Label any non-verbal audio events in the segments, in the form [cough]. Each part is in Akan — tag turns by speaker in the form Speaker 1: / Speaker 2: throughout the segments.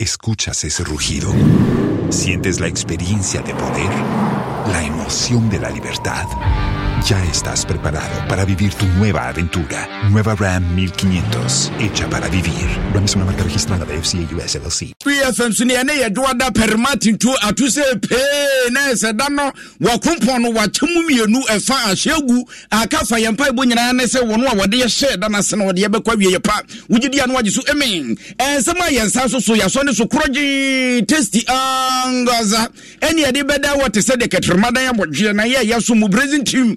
Speaker 1: Escuchas ese rugido. Sientes la experiencia de poder, la emoción de la libertad. Ya estás preparado para vivir tu nueva aventura. Nueva Ram 1500, hecha para vivir. Ram es una marca registrada de FCA US LLC.
Speaker 2: PFM suni ene ye duada permati tu atuse pe na eseda wa wakumpo no wachimu mienu efa ashegu akafa se wono a wode ye sheda na se e, na wode ye bekwa wie ye pa. Wugidi anu agye so amen. Ensema ye nsa so so yaso ne so kroji angaza. Ene de beda wate se de ketremadan abodwe na ye team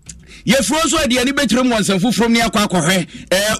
Speaker 3: yɛfuro nso adeɛ ne bɛkyerɛ mu wɔ nsɛm foforɔ mu ne akɔ akɔhwɛ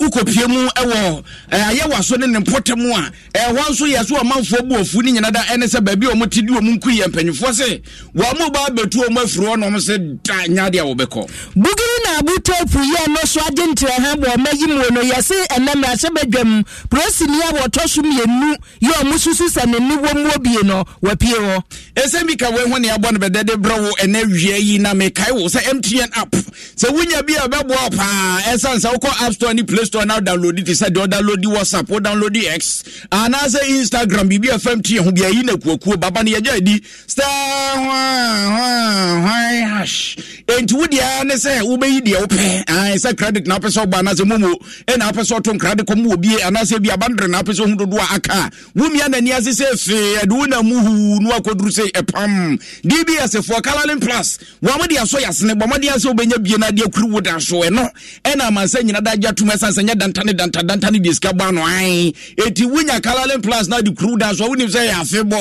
Speaker 2: wokɔpie mu wɔ ayɛwa so ne ne mpɔtɛ mu a ɛhɔ nso yɛ so ɔmanfoɔ bu ɔfu ne nyina da ɛne sɛ baabi a ɔmote di ɔmu nkui yɛ mpanyimfoɔ se wɔ mo ba bɛtu ɔmu afiri hɔ na ɔm da nyadeɛ a wɔbɛkɔ
Speaker 3: bugiri na abotopu yi ɔno so agye ntirɛha bɔ ɔmayi mu no yɛse ɛnɛ mmarahyɛ badwam prosini a wɔtɔ so mmienu yɛ ɔmo susu sɛ ne ne wɔ muo bie no wapie hɔ ɛsɛ mika wei ho ne abɔ no bɛdɛde berɛ wo ɛnɛ wie yi na
Speaker 2: mekae wo sɛ mtn app sɛ wonya bi a ɛbɛboa paa ɛsiane sɛ wokɔ app store ne play store na wodownload te sɛ deɛ wodownload whatsapp wodownload x anaasɛ instagram biribi a fam te yɛ ho biayi na kuakuo baba no yɛgya adi star hwan hash nti wo deɛ ne sɛ wobɛyi deɛ wopɛ sɛ credit na wopɛ sɛ ɔbɔ anaasɛ momo ɛna wopɛ sɛ ɔto nkra de kɔm wɔbie anaasɛ bi abandere na wopɛ sɛ ɔhu dodoɔ aka a womia n'ani ase sɛ fee ɛde wo nam huu no akɔduru sɛ ɛpam dbs foɔ plus wɔn mo de asɔ yasene bɔ mo de asɛ wobɛnya bie na adeɛ kuru woda so ɛno ɛna amansa nyina da agya tum ɛsan sɛ nyɛ dantane danta dantane deɛ sika bɔ ano an eti wonya kalalin plus na de kuru woda so wonim sɛ yɛ afe bɔ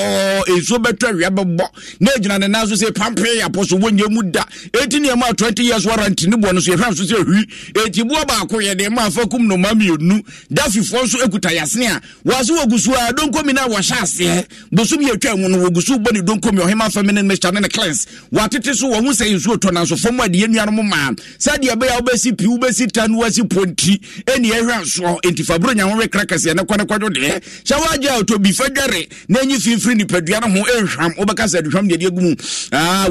Speaker 2: nsuo bɛtɔ awia bɛbɔ na egyina ne nan so sɛ pampe apɔ so wonyɛ mu da eti nneɛma a 20 years warranty ne boɔ no so yɛhwɛ nso sɛ hwi ɛti boɔ baako yɛde ma afa kum no ma mmienu dafifoɔ nso akuta yɛsene a wɔase wɔgu so a donkomi no a wɔhyɛ aseɛ bosom yɛ atwa mu no wɔgu so bɔ ne donkomi ɔhema fa me ne mɛhyɛ ne ne cleanse wɔatete so wɔn ho sɛ nsuo tɔ nanso fam a deɛ nuanom ma sɛdeɛ ɛbɛyɛ wobɛsi pi wobɛsi ta no wasi ponti ɛne ɛhwɛ nsoɔ enti fabro nyawo wekra kɛseɛ ne kɔne kɔdwo deɛ hyɛ woagye a ɔtɔ bi fa dware na ɛnyi fimfiri nipadua no ho ɛnhwam wobɛka sɛ aduhwam deɛ deɛ gu mu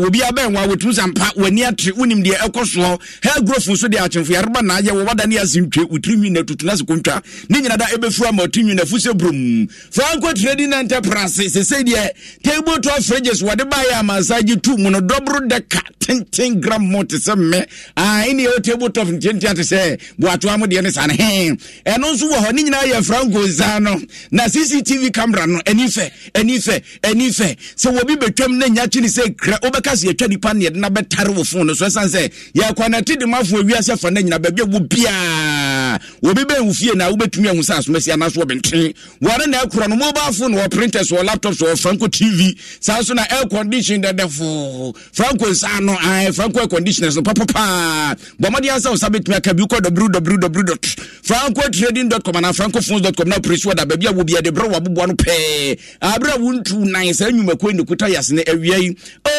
Speaker 2: obi abɛn wa wɔtumi sɛ mpa w'ani country wonim deɛ ɛkɔ soɔ hair growth nso deɛ akyemfo yareba na ayɛ wɔwada ne ase ntwe wotirinwi na tutu na se kontwa ne nyina da ɛbɛfura ma ɔtirinwi na fusɛ brom franco trading enterprise sesei deɛ table top fridges wɔde baayɛ amansa gye tu mu no dɔboro dɛka tenten gram mo te sɛ mmɛ ɛne yɛwɔ table top ntiantia te sɛ boatoa mo deɛ ne sa he ɛno nso wɔ hɔ ne nyinaa yɛ franco nsa no na cctv camera no ani fɛ ani sɛ wɔbi bɛtwam na nya kye sɛ kra wobɛka sɛ yɛtwa nipa ne na bɛtare wo fo afoɔ no so ɛsiane sɛ yɛakwanate de ma afoɔ wiase fa no nyina baabi awo biaa wɔbi bɛhu fie na wobɛtumi ahu sɛ asomasi anaso wɔbɛntwe wɔre na ɛkorɔ no mobile phone wɔ wɔ laptops wɔ franco tv saa so na air dɛdɛfo franco nsa no ae franco air no papapaa bɔmmɔde ansa wo sa bɛtumi aka bi wokɔ www franco trading com anaa franco phones com na prɛsi wɔda baabi a wɔ berɛ wɔaboboa no pɛɛ aberɛ wontu nan saa nnwumakuo ne kuta yɛase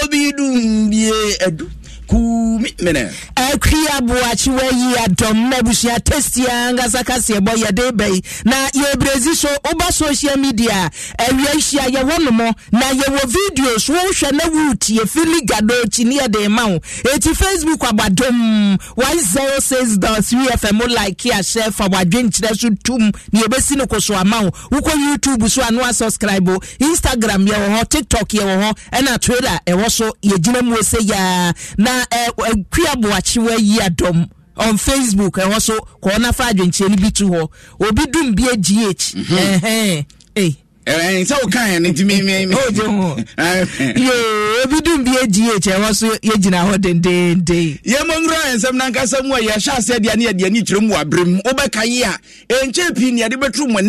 Speaker 2: obi dumbie adu
Speaker 3: kumi mene akwi aboakye wayi adɔm abusua testia nkasa kaseɛ bɔ yɛde bɛyi na yɛbrɛzi so woba social media awia e hyia yɛwɔ no mɔ na yɛwɔ videos wohwɛ na wotie fili gado kyini yɛde ma wo ɛti e facebook abadom 106.3fm like ahyɛ fa wadwenkyerɛ so tum ne yɛbɛsi no koso ama wo wokɔ youtube so ano Subscribe. o instagram yɛwɔ hɔ tiktok yɛwɔ hɔ ɛna e twitter ɛwɔ so yɛgyina mu sɛ yaa na na eh, eh, kua boakyewa yi adɔm on facebook ɛhɔ eh, so kɔɔ nafa adwenkyerɛ no bi to hɔ obi dum bi agh sɛ woka ɛ no ntimi dum bi ɛgyi ɛkyɛ hɔ so yɛgyina hɔ
Speaker 2: dendenden yɛmmɔ nwura ɛ nsɛm no ankasa mu a yɛhyɛ aseɛ deɛ ne yɛdeɛ ne kyerɛ mu wabrɛ mu wobɛka ye a ɛnkyɛ pii ne yɛde bɛtoro mu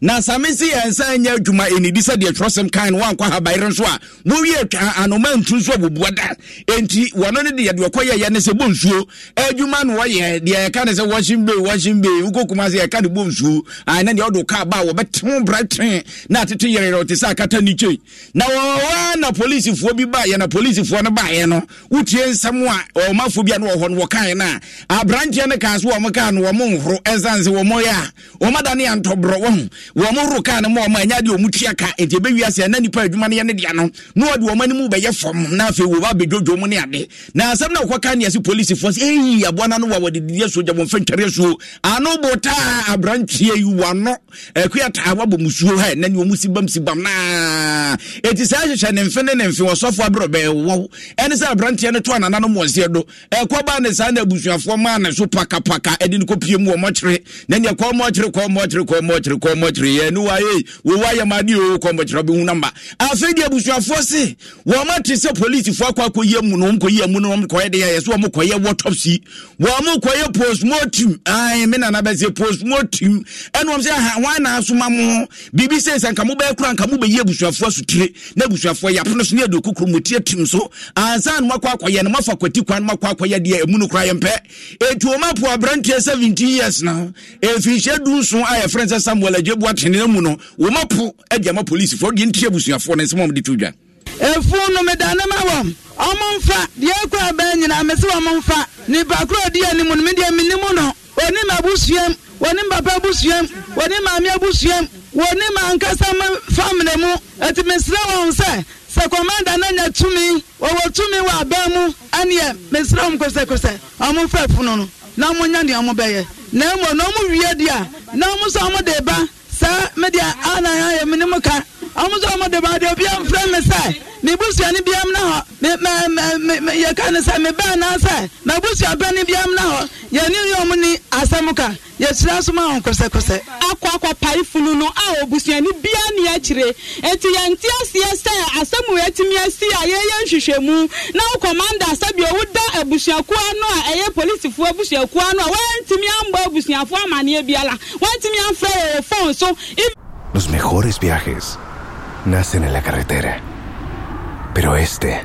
Speaker 2: na same se yɛ nsa nyɛ adwuma ɛnidi sɛ deɛ twerɛsɛm kan no woankɔ enti wɔno ne de yɛde wɔkɔyɛyɛ ne sɛ bɔ nsuo adwuma no afei wokɔ kuma sɛ yɛka de bɔ nsuo ae deɛ wode ka ba a wɔbɛtemo na atete yereyerɛ wote sɛ akata ni kyei na wɔwa na polisifoɔ bi baayɛ na polisifoɔ no baayɛ no wotie nsɛm a ɔmafoɔ bi a na wɔhɔ no wɔkae no a aberanteɛ no kaa so wɔm kaa no wɔmo nhoro ɛnsane sɛ wɔmɔ yɛ a ɔmada ne yɛntɔborɔ wahu wɔmo horo kaa no ma ɔma ɛnyɛ deɛ ɔmutua ka ɛnti ɛbɛwia sɛ na nnipa adwuma no yɛ dea no na wɔde wɔma no mu bɛyɛ fam na afei wɔba bɛdwodwo mu ne ade na asɛm na wɔkɔka neɛ se polisifoɔ sɛ ɛyi aboa no no wa wɔde didiɛ so gya wɔmfa ntwareɛ suo ano no botaa aberanteɛ yi wano akuataa wabɔ musuo ha na bam. ɔmu sibam sibam naa ɛti saa hyehyɛ ne mfe ne ne mfe wɔsɔfoɔ aberɛ bɛɛwɔ ɛne sɛ aberanteɛ no to anana no mmɔnseɛ do ɛkɔba ne saa na abusuafoɔ maa ne so pakapaka ɛde no kɔpie mu wɔmmɔkyere na neɛ kɔmmɔkyere kɔmmɔkyere kɔmmɔkyere kɔmmɔkyere yɛ ne waye wɔwayɛ ma ne oo kɔmmɔkyere bɛhu namba afei deɛ abusuafoɔ se wɔma te sɛ polisifoɔ akɔ akɔyɛ mu no ɔmkɔyɛ mu no ɔmkɔyɛ de yɛyɛ sɛ ɔmkɔyɛ wɔtɔpsi wɔmkɔyɛ postmortem me nana na bɛsɛ postmortem ɛnom sɛ ha wan mo biribi sɛ sɛ nka mobɛyɛ kora nka mobɛyi abusuafoɔ asotire na abusuafoɔ yɛapono so ne adu kokoro mɔtie tim so ansa no moakɔ akɔyɛ no moafa kwati kwan no moakɔ akɔyɛ deɛ ɛmu no kora yɛmpɛ ɛtuoma po aberanteɛ 17 years na ɛfirinhyɛ du nso a yɛfrɛ sɛ samuel adweboa tene mu no wɔma po agya ma polisifoɔ deɛ nti abusuafoɔ no nsɛm mode to
Speaker 4: dwa
Speaker 3: ɛfu no meda ne ma wɔm ɔmomfa deɛ ɛkɔ abɛn nyinaa mese wɔ momfa nipa korɔ di animu no medeɛ mennimu no wɔne m'abusuam wɔne papa abusuam wɔne maame abusuam wɔne m'ankasa famina mu eti mesrɛ wɔn sɛ sɛ kɔmanda no nya tumi wɔwɔ tumi wɔ abɛn mu ɛneɛ mesrɛ wɔn kosɛkosɛ wɔn fɛ funu no na wɔn nya nea wɔn bɛyɛ na mmom na wɔn wie deɛ na wɔn nso wɔn de ba sɛ me deɛ anan ayɛ me ne mu ka wɔn nso wɔn de ba deɛ obiara mfrɛ me sɛ me busua biara mu na hɔ. yɛka no sɛ mebaa naa sɛ mabusuabrɛne biam na hɔ yɛne yɔm ne asɛm ka yɛkyerɛ so ma wɔn akɔ akɔ no a obusuani bia ne akyire enti yɛnte aseɛ sɛ asɛm yɛatumi asi a yɛyɛ nhwehwɛmu na wo kɔmanda sɛ bia woda abusuakuo no a ɛyɛ polisifoɔ abusuakuo no a wɔntumi ambɔ abusuafoɔ amanneɛ biala wɔntumi amfrɛ yɛwɔ phone so
Speaker 5: Los mejores viajes nacen en la carretera pero este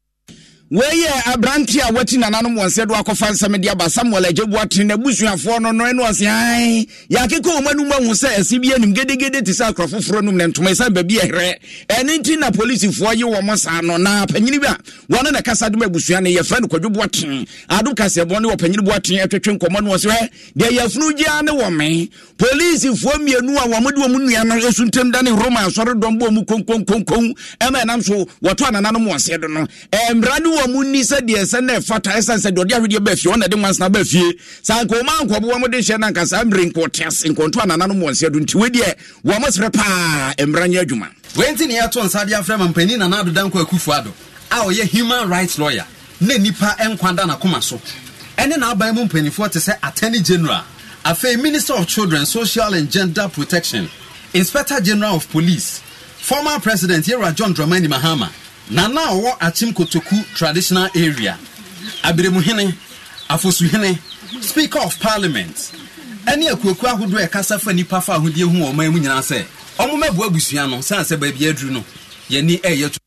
Speaker 2: wɔyɛ aberante a wati nananom wɔn sɛ do akɔfa nsɛm de aba samuel agyeboa tene n'abusuafoɔ no no ɛne ɔse ae yɛakeka ɔma no mu ahu sɛ ɛse bi anim gedegede te sɛ akora foforɔ nom ne ntoma ɛsɛ baabi ɛherɛ ɛne nti na polisifoɔ ye wɔ mo saa no na panyini bi a wɔne ne kasa dom abusua no yɛfrɛ no kwadwoboa tene ado kaseɛbɔ ne wɔpanyini boa tene atwetwe nkɔmmɔ no wɔ sɛ deɛ yɛafunu gyia ne wɔ me polisifoɔ mmienu a wɔmode wɔ mu nnua no ɛsu da ne roma asɔredɔm bɔ mu konkonkonkon ɛma ɛnam so wɔto anananom wɔ seɛ do no ɛmmra ne wɔ wɔn mu ni sɛ deɛ nsa na ɛfata ɛsan sɛ deɛ ɔde ahwedeɛ bɛ fie ɔna de nwansana bɛ fie saa nka ɔma nkɔbo de hyɛ na nka saa mmiri nkɔtɛs nkɔnto a nananom wɔn do nti wei deɛ
Speaker 6: wɔn srɛ paa mmra nyɛ adwuma. wɛnti ne yɛto nsa de afrɛ mampanin nana adoda nkɔ akufo ado a ɔyɛ human rights lawyer na nipa nkwa da n'akoma so ɛne n'aban mu mpanimfoɔ te sɛ attorney general afei minister of children social and gender protection inspector general of police former president yɛwura john dramani mahama nana a ɔwɔ akyem kotoku traditional area abirimuhene afosuhene speaker of parliament ɛne akuaku ahodoɔ ɛkasa fa nipa fa ahodeɛ hu wɔn mu nyinaa sɛ ɔmo mɛboa abusua no sɛn sɛ baabi aduru no yɛni ɛyɛ to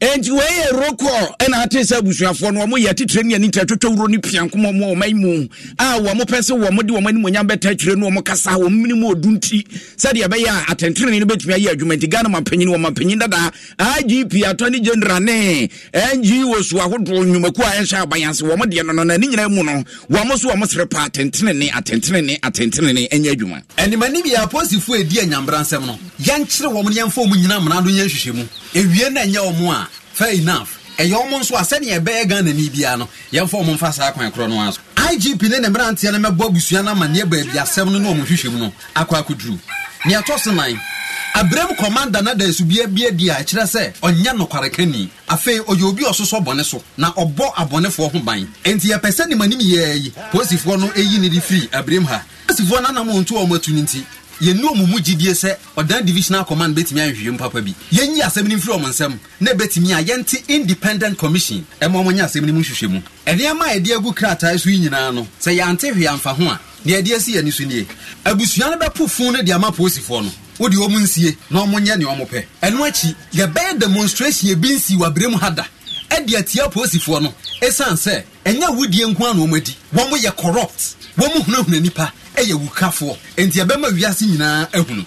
Speaker 6: nti
Speaker 2: wei yɛ rokɔ ɛna ate sɛ abusuafoɔ no ɔmo yɛ titire ne ani tɛtwotwa wuro ne piankom ɔmo ɔma mu a wɔn mo pɛ sɛ wɔn mo de wɔn mo bɛtɛ twere no wɔn kasa wɔn mu ne mu odun ti sɛdeɛ ɛbɛyɛ a atɛntɛnni no bɛtumi ayɛ adwuma nti ghana mapanyin wɔn mapanyin dada igp atɔni general ne ng wosu ahodoɔ nnwumaku a ɛnhyɛ abanyanse wɔn mo deɛ no no na ne nyinaa mu no wɔn mo so wɔn mo sere
Speaker 6: pa atɛntɛnni
Speaker 2: atɛntɛnni atɛntɛnni ɛnyɛ adwuma.
Speaker 6: ɛnimani bi apolisifoɔ edi anyambra nsɛm no yɛnkyerɛ wɔn wɔn nyinaa mmanadu yɛnhwehwɛ mu fair enough ɛyɛ ɔmo nso a sɛdeɛ ɛbɛyɛ ghana ni biara no yɛmfa ɔmo mfa saa kwan korɔ no ara so igp ne ne mmeranteɛ no mɛbɔ abusua no amanneɛ baabi asɛm no ne ɔmo hwehwɛ mu no akɔ akɔduru nea ɛtɔ so nan abiram kɔmanda no da asubia bia di a ɛkyerɛ sɛ ɔnyɛ nokwarekani afei ɔyɛ obi ɔsosɔ bɔne so na ɔbɔ abɔnefoɔ ho ban enti yɛpɛ sɛ nimanim yɛɛ yi polisifoɔ no ɛyi ne de firi abiram ha polisifoɔ no anam ɔntu ɔmo atu no nti yɛnu ɔmo mu gyidie sɛ ɔdan divisional command bɛtumi anhwie mpapa bi yɛnyi asɛm no mfiri ɔmo nsɛm na ɛbɛtumi a yɛnte independent commission ɛma ɔmo nyɛ asɛm no mu nhwehwɛ mu ɛnneɛma a yɛde agu krataa so yi nyinaa no sɛ yɛante hwee amfa ho a deɛ ɛde asi yɛni so nie abusua no bɛpo fun no de ama polisifoɔ no wode ɔmo nsie na ɔmo nyɛ nea ɔmo pɛ ɛno akyi yɛbɛyɛ demonstration ebi nsi wɔ abere mu ha da ɛde atia polisifoɔ no ɛsiane sɛ ɛnyɛ awudie corrupt wɔn mu hunahuna nipa yɛ wukafoɔ nti ɛbɛma wiase nyinaa ahunu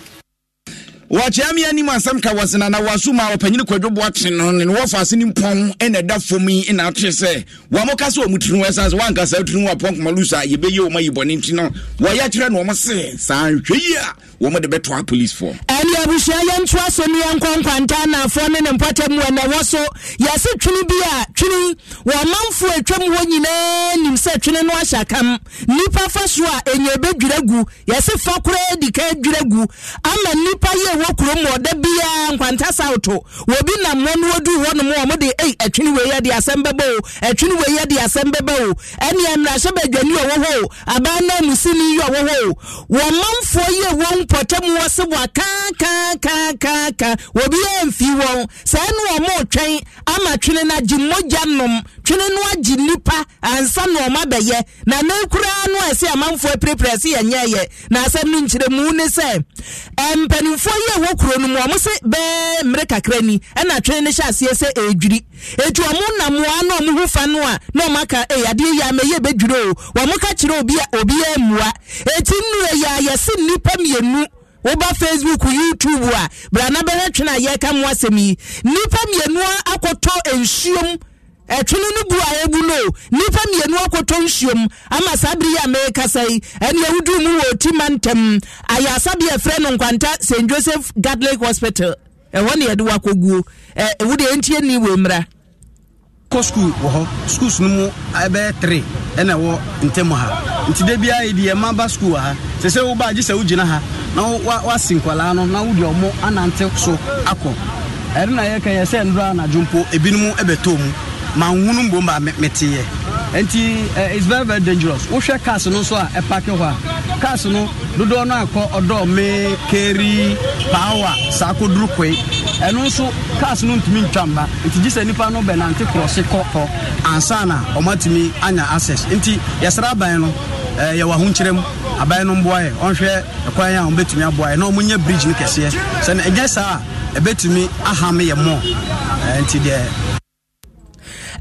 Speaker 2: wɔkyea me anim asɛm ka wɔsena na wɔaso ma ɔpanyine kwadwobo atwe no ne wɔfa ase ne mpɔn ɛna ɛda fam yi na atwe sɛ wɔa mo ka sɛ ɔmu tiri no ɛsan sɛ woanka saa tiri no apɔn yɛbɛyɛ ɔma yibɔne nti no wɔyɛ kyerɛ no ɔmo se saa nhwɛ yi a wɔmde bɛtoa policefoɔ
Speaker 3: ɛne abusua yɛntoa so ne yɛnkɔ nkwanta ne ne mpɔtam wɔ na ɛwɔ so yɛse twene bi a twene wɔmanfo atwam hɔ nyinaa nim sɛ twene no ahyɛ kam nnipa fa so a ɛnyɛ bɛdwira gu yɛse fa koraa di ka adwira gu ama nnipa yɛ ɛwɔ kurom wɔ da biara nkwanta sawto wɔbi nam hɔ no wɔduru hɔ nom ɔmo de ei ɛtwene wei yɛ de asɛm bɛbɛ o ɛtwene wei yɛ de asɛm bɛbɛ o ɛne mmarahyɛ badwani ɔwɔ hɔ o abaa na musini yi ɔwɔ hɔ o wɔn manfoɔ yi a wɔn mpɔtɛ mu wɔ se wɔ akaakaakaaka wɔbi yɛ mfi wɔn saa no ɔmo twɛn ama twene na gye mogya nom twene no agye nipa ansa na ɔma bɛyɛ na ne koraa no ɛsɛ amanfoɔ apirapira ɛsɛ yɛnyɛɛyɛ na asɛm no nkyerɛmu ne sɛ mpanimfoɔ yi a ɛwɔ kuro no mu ɔmo se bɛɛ mmerɛ kakra ni ɛna twene no hyɛ aseɛ sɛ ɛredwiri etu ɔmo namoa na ɔmo ho fa no a na ɔmo aka ɛyɛ adeɛ yi ama yɛ bɛdwiri o ɔmo ka kyerɛ obi a obi yɛ mmua eti nnua yɛ a yɛsi nnipa mmienu woba facebook youtube a brana bɛhwɛ twene a yɛreka mo asɛm yi nipa mmienu akɔtɔ nsuom ɛtwene no gu a ɛgu no nnipa mmienu akɔtɔ nsuom ama saa bere yi a merekasa yi ɛne awuduru mu wɔ ɔti ma ntɛm ayasabi ɛfrɛ no nkwanta st joseph gadlake hospital ɛhɔ ne yɛde wakɔguo ɛwode ɛntie ni wɔ mmra kɔ skul wɔ hɔ skuls no mu ɛbɛyɛ tre ɛna ɛwɔ ntam
Speaker 6: ha nti da biara yɛdi yɛma ba skul wɔ ha sɛ sɛ woba agye sɛ wogyina ha na woasi nkwalaa no na wode ɔmo anante so akɔ ɛno na yɛka yɛ sɛ ndora anadwo mpo ebinom ɛbɛtɔ mu ma nhunu mbom ba meteɛ nti eh, it's very very dangerous wohwɛ cars no nso a ɛpake hɔ a cars no dodoɔ no akɔ ɔdɔ me keri paawa saako kɔduru koe ɛno nso cars no ntumi ntwa mba nti gye sɛ nnipa no bɛnante korɔse kɔ hɔ ansa na ɔmatumi anya access nti yɛsra aban no eh, yɛwɔ ahonkyerɛm aban no mboa yɛ ɔnhwɛ ɛkwan a ɔmbɛtumi aboa yɛ na ɔmonyɛ bridge no kɛseɛ sɛne ɛnyɛ saa a ɛbɛtumi ahame yɛ mmɔ eh, nti deɛ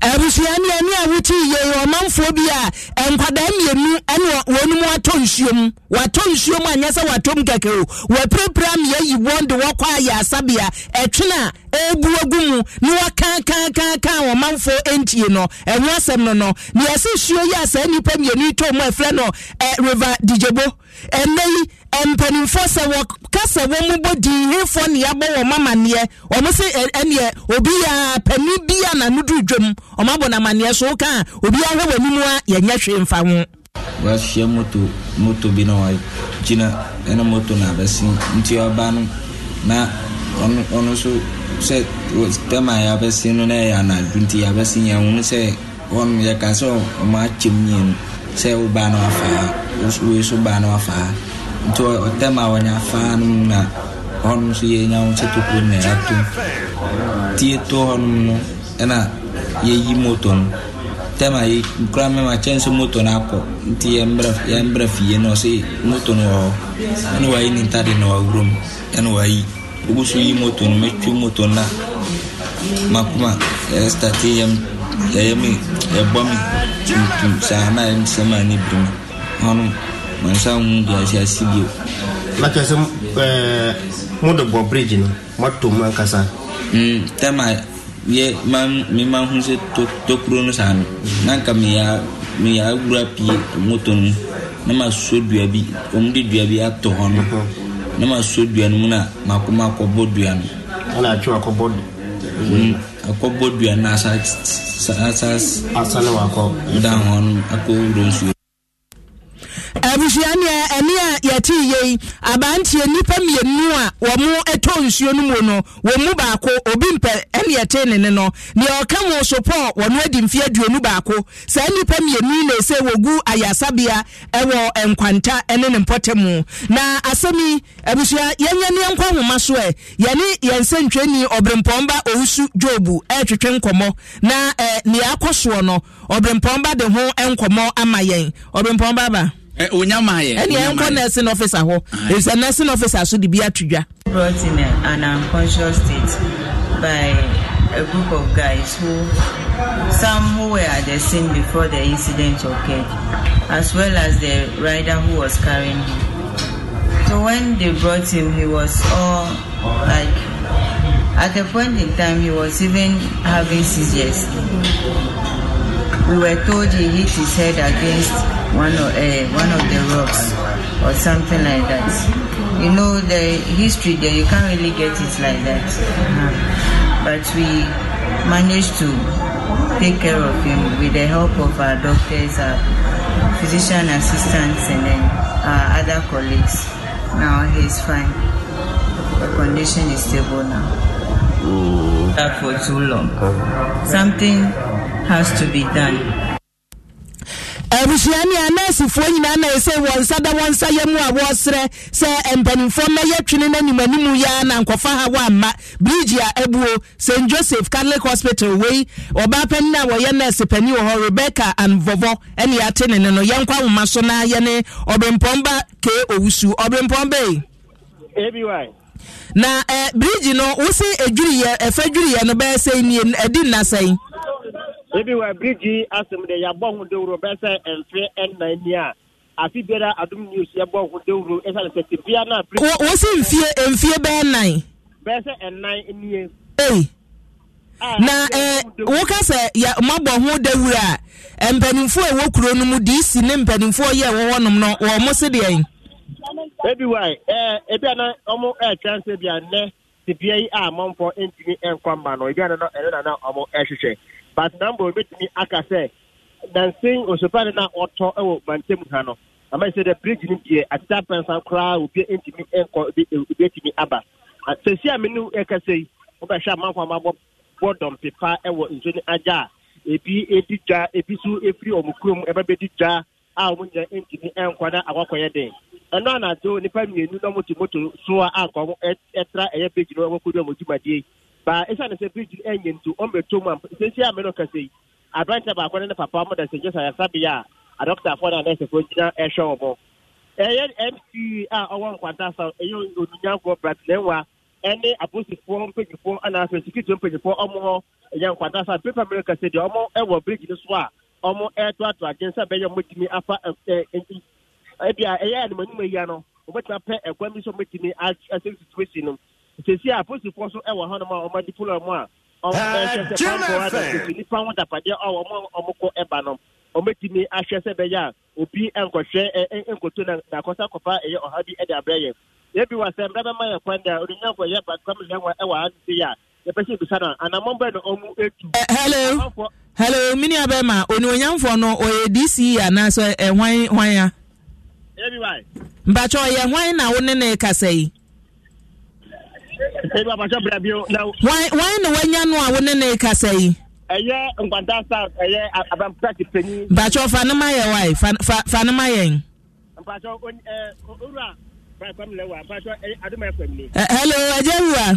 Speaker 3: abusua ne ɛne a wote yɛ ɔmanfoɔ bi a nkwadaa mmienu ɛne wɔn mu atɔ nsuo mu watɔ nsuo mu anyɛ sɛ watɔ mu kɛkɛ o wapirapira mmea yi wɔn de wɔkɔ ayɛ asabea ɛtwene a ɛrebu agu mu ne wɔkankankankan ɔmanfoɔ ntie no ɛho asɛm no no ne yɛsɛ nsuo yi a saa nnipa mmienu yi mu ɛfrɛ no ɛ river dijebo ɛnɛ yi mpanimfoɔ sɛ wɔka sɛ wɔn mu bɔ din hefoɔ ne yɛabɔ wɔn amanneɛ wɔn sɛ ɛneɛ obi ya a n'ano dwam wɔn abɔ so obi
Speaker 7: moto moto bi na wɔgyina ɛne moto na abɛsi nti ɔba no na ɔno ɔno nso sɛ tɛm a yɛabɛsi no na ɛyɛ nti yɛabɛsi yɛn sɛ sɛ wo ba no afaa wei so ba no afaa nti ɔtam a wɔnya afaa no na hɔnom so yɛnya wo sɛ tokuro na ɛatom tie to hɔnom no ɛna yɛyi moto no tam a kora mɛma kyɛn sɛ moto no akɔ nti yɛmbrɛ fie na ɔsɛ moto no wɔ ɛne wayi ne ntade na wawurom ɛne wayi wogu so yi moto no mɛtwe moto no na makoma ɛstate e, yɛm yɛyɛ me yɛbɔ me tuntum saa na nsɛm a ne biri mu ɔno mansa hu de ase ase bio na kyerɛ sɛ mode bɔ bridge no moato mu ankasa tama yɛ mema ho sɛ tɔkuro no saa no na nka meyɛ awura pie moto no na masɔ dua bi ɔmde dua bi atɔ hɔ no na masɔ dua no mu no a makoma akɔbɔ dua no ana atwe akɔbɔ akɔbɔ dua na asa asa asa ne wakɔ da hɔ no akɔwura nsuo
Speaker 3: nhyia neɛ ɛne a yɛte yie yi abanteɛ nnipa mmienu a wɔn tɔ nsuo no mu no wɔn mu baako obi mpɛ ɛne yɛte ne ne no deɛ ɔka mu so wɔn adi mfe aduonu baako saa nnipa mmienu na ɛsɛ wɔgu ayasabea ɛwɔ nkwanta ɛne ne mpɔtɛ na asɛm yi abusua yɛnyɛ ne nkɔ ahoma so ɛ yɛne yɛn sɛ ntwɛni ɔbrɛmpɔnba owusu jobu ɛretwetwe nkɔmmɔ na ɛɛ nea akɔ soɔ no ɔbrɛmpɔnba de ho nkɔmmɔ ba ɛneɛ nkɔ nursing officer hɔ ɛfisɛ nursing officer so de bi ato
Speaker 7: brought in an unconscious state by a group of guys who some who were at the scene before the incident occurred as well as the rider who was carrying him so when they brought him he was all like at a point in time he was even having seizures We were told he hit his head against one of, uh, eh, one of the rocks or something like that. You know, the history there, you can't really get it like that. Uh-huh. But we managed to take care of him with the help of our doctors, our physician assistants, and then our other colleagues. Now he's fine. The condition is stable now. Ooh. that for too long. Something has to be done.
Speaker 3: abusua a nursefoɔ nyinaa na ɛsɛ wɔn nsa da wɔn nsa yɛ mu a wɔresrɛ sɛ mpanimfoɔ mɛyɛ twene no anim anim yia na nkɔfa ha wɔ amma bridge a abuo st joseph catholic hospital wei ɔbaa panin a wɔyɛ nurse panin wɔ hɔ rebecca anvɔvɔ ɛne yɛate ne ne no yɛnkɔ ahoma so na yɛne ɔbrempɔn ba ke owusu ɔbrempɔn bɛyi. na ɛ eh, biriji eh, nọ wosi edwiri yɛ efe dwiri ya no bɛyɛ sɛ nie ɛdi nna sɛn.
Speaker 4: ebi wɔ biriji asɛm de yabɔ ho dewuro bɛyɛ sɛ mfe ɛnna ni a afi biara adum news yabɔ ho dewuro ɛsɛ na. tibia na. wosi mfie mfie bɛyɛ nnan. bɛyɛ sɛ ɛnnan nie.
Speaker 3: na ɛ woka sɛ yɛ mabɔ ho a mpanimfo a ɛwɔ kuro no dc ne mpanyinfoɔ yɛ ɛwɔ hɔnom
Speaker 4: ebi wae ɛɛ ebi ana ɔmo ɛɛtwɛn sɛ bi anɛ tibia yi a ah, mɔmfɔ ntumi nkɔ mba no ebi ana no ɛno na na ɔmo ɛhyehyɛ but nambo ebitumi aka sɛ nansen osopa ne na ɔtɔ ɛwɔ eh, mantam ha no ama sɛ dɛ bridge no deɛ ateta pɛnsa koraa obi ntumi nkɔ obi etumi eh, aba ah, sɛsi a menu ɛkasa eh, yi wɔbɛhwɛ amanfo amabɔ bɔ dɔmpepa ɛwɔ nsuo ne agya a ebi edi gya ebi nso efiri ɔmo kurom ɛbɛbɛdi gya a wɔn nyinaa ntumi nkɔ na akɔkɔyɛ den ɛno anadwo nipa mmienu na wɔte moto soa a kɔn ɛtra ɛyɛ bridge na wɔkɔ do wɔn dwumadie ba esiane sɛ bridge no ɛnyɛ ntu wɔn bɛ to mu a sɛnsi a mɛno kasa yi aberanteɛ baako ne ne papa wɔn da sɛ gyesa yasa bea a adɔkotafoɔ na anɛsɛfoɔ gyina ɛhwɛ wɔn ɛyɛ mc e a ɔwɔ nkwanta sa ɛyɛ onunyankoɔ bratilɛnwa ɛne apolisifoɔ mpanyinfoɔ anaasɛ sikiti mpanyinfoɔ ɔmo hɔ ɛyɛ nkwanta sa pepa ɔmo ɛtoato agye sɛ ya ɔmotumi afa ebi a ɛyɛ animanima yia no wɔbɛtumi apɛ ɛkwan bi sɛ ɔmɛtumi a apolisifoɔ so ɛwɔ hɔnom a ɔma dipolo mu a ɔmɛhwɛ sɛ pankɔada nipa ho dapadeɛ a ɔmo ɔmokɔ ɛba no ɔmɛtumi ahwɛ sɛ bɛyɛ a obi nkɔhwɛ nkoto na nakɔsa kɔfa ɛyɛ ɔha bi ɛde abrɛ wɔ sɛ bɛma yɛ kwan yɛ ba kwamhyɛ wɔ ɛwɔ ha no sɛ yɛ a yɛpɛ ebisa na ɔmo etu
Speaker 3: eh, hello mini abema onye no ɔyɛ dc anaasɛ ɛhwan eh, hwan a mpakyɛ ɔyɛ hwan na wo ne ne kasa yi na wanya no a wo ne ne kasa yi
Speaker 4: ɛyɛ nkwanta stars ɛyɛ abamputaki panyin mpakyɛ fa ne ma
Speaker 3: yɛ wae fa ne ma yɛn hello agya wura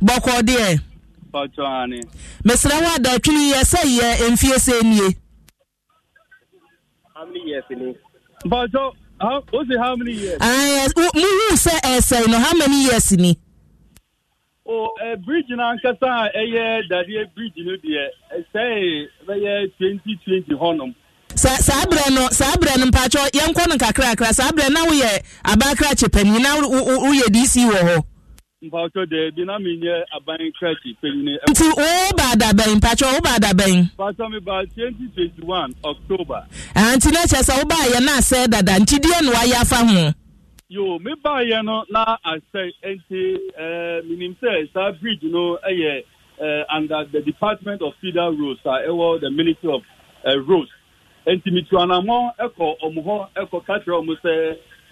Speaker 3: bɔkɔ deɛ
Speaker 4: mesrɛ
Speaker 3: wo adaatwene yɛ ah, sɛ yɛ mfie sɛ nie muhu sɛ ɛsɛe no how many years ni
Speaker 8: Oh, a bridge na nkasa a ɛyɛ dadeɛ bridge no deɛ ɛsɛe bɛyɛ 2020 hɔnom
Speaker 3: saa berɛ no saa berɛ no mpakyɛ yɛnkɔ no kakrakra saa berɛ na woyɛ Abakra, kyepani na woyɛ dc wɔ hɔ
Speaker 8: mpatwɔ de bi na mi nye aban krɛti penyini. nti wo
Speaker 3: ba adabɛn mpatwɔ wo ba adabɛn.
Speaker 8: pata mi ba twenty twenty one october.
Speaker 3: nti na kyerɛ sɛ wo ba ayɛ na asɛ dada nti deɛ na wayɛ afa ho.
Speaker 8: yo mi ba ayɛ no na asɛ nti ɛɛ minim sɛ saa bridge no ɛyɛ ɛɛ under the department of feeder roads a ɛwɔ the ministry of uh, roads nti mi tu anamɔ ɛkɔ ɔmo hɔ ɛkɔ kakyɛ ɔmo sɛ.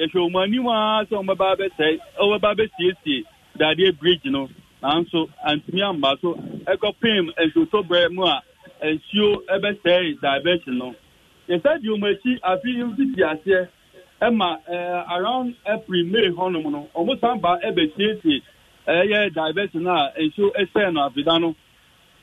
Speaker 8: yɛhwɛ ɔmu anim a sɛ ɔmɛba bɛsɛe ɔmɛba bɛsiesie dadeɛ bridge no nanso antumi amba so ɛkɔpem nsotɔ berɛ mu a nsuo ɛbɛsɛe diversion no yɛsɛ deɛ ɔmu akyi afe mfiti aseɛ ɛma eh, around april may hɔnom no ɔmo san ba ɛbɛsiesie ɛyɛ diversion a nsuo ɛsɛe no afeda no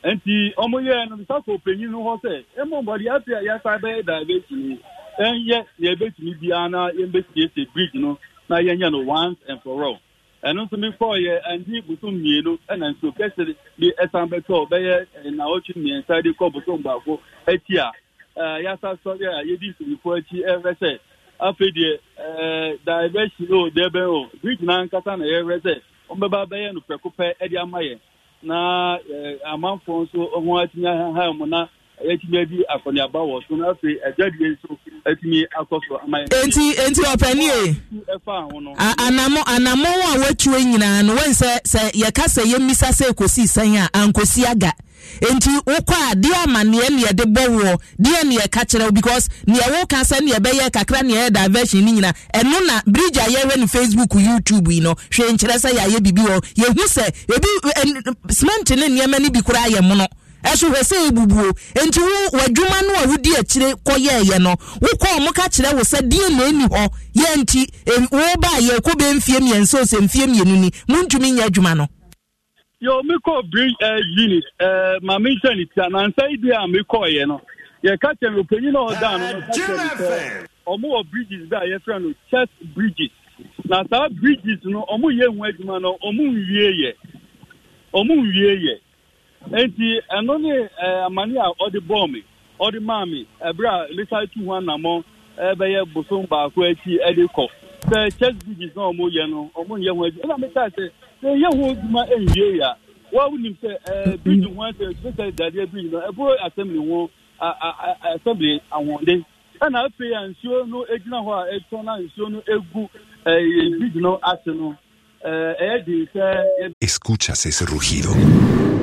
Speaker 8: nti ɔmo yɛ no sako panyin no hɔ sɛ ɛmɔ mbɔde afei a yɛsa bɛyɛ diversion yi ɛnyɛ nea ebetumi biara na yɛmbɛsiesie bridge no na yɛnyɛ no once and for all ɛno nso mi kɔɔ yɛ ɛndi bosom mmienu ɛna nsuo kɛse bi ɛsan bɛtɔ bɛyɛ ɛnawɔtwe mmiɛnsa de kɔ bosom baako akyi a ɛɛ yasa sɔre a yɛdi nsirifo akyi ɛhwɛ sɛ afei deɛ ɛɛ daibɛsi o dɛbɛn o bridge n'ankasa na yɛhwɛ sɛ ɔmbɛba bɛyɛ no pɛkopɛ ɛde ama yɛ na ɛɛ amanfoɔ nso ɔmo atinya ha mu na. ɛtumi adi akɔneaba wɔ so na afei ɛdwadie nso atumi akɔ so ama yɛn. eti eti ɔpɛni ɛfa
Speaker 3: ho no. anamɔ anamɔ wɔn a nyinaa no wɔn sɛ sɛ yɛka sɛ yɛmisa sɛ ekosi sɛn a ankosi aga nti wokɔ a deɛ ama neɛ neɛ de bɔ woɔ deɛ neɛ ka kyerɛ wo because neɛ woka sɛ neɛ bɛyɛ kakra neɛ yɛ diversion no nyina ɛno na bridge a yɛhwɛ no facebook youtube yi no hwɛ nkyerɛ sɛ yɛayɛ biribi wɔ yɛhu sɛ ebi cement ne nneɛma no bi koraa yɛ mono ɛso hwɛ sɛ ɛbubuo nti wo w'adwuma no a wodi akyire kɔyɛɛyɛ no wokɔ ɔmo ka kyerɛ wo sɛ deɛ na ɛni hɔ yɛ nti woba a yɛkɔ bɛ mfie mmiɛnsa ɔsɛ mfie mmienu ni montumi nyɛ adwuma no
Speaker 8: yo mekɔ bri uh, eh, unit uh, ma menhyɛ ne tia nansa yi deɛ a mekɔɔyɛ no yɛka kyɛ me ɔpanyin na ɔda no ɔmo wɔ bridges bi a yɛfrɛ no chest bridges na saa bridges no ɔmo yɛ hu adwuma no ɔmo nwie yɛ ɔmo nwie yɛ eti ɛno ne amane a ɔde bɔɔ me maa me ɛberɛ a mesa tu ho anammɔ ɛbɛyɛ bosom baako chess na ɔmo yɛ no ɔmo nyɛ ho adwuma ɛna meta sɛ sɛ ɛyɛ ho adwuma ɛnwie a bridge ho asɛ sɛ dadeɛ assembly assembly nsuo no hɔ a na nsuo no egu bridge ase no ɛyɛ sɛ.
Speaker 1: escuchas ese rugido.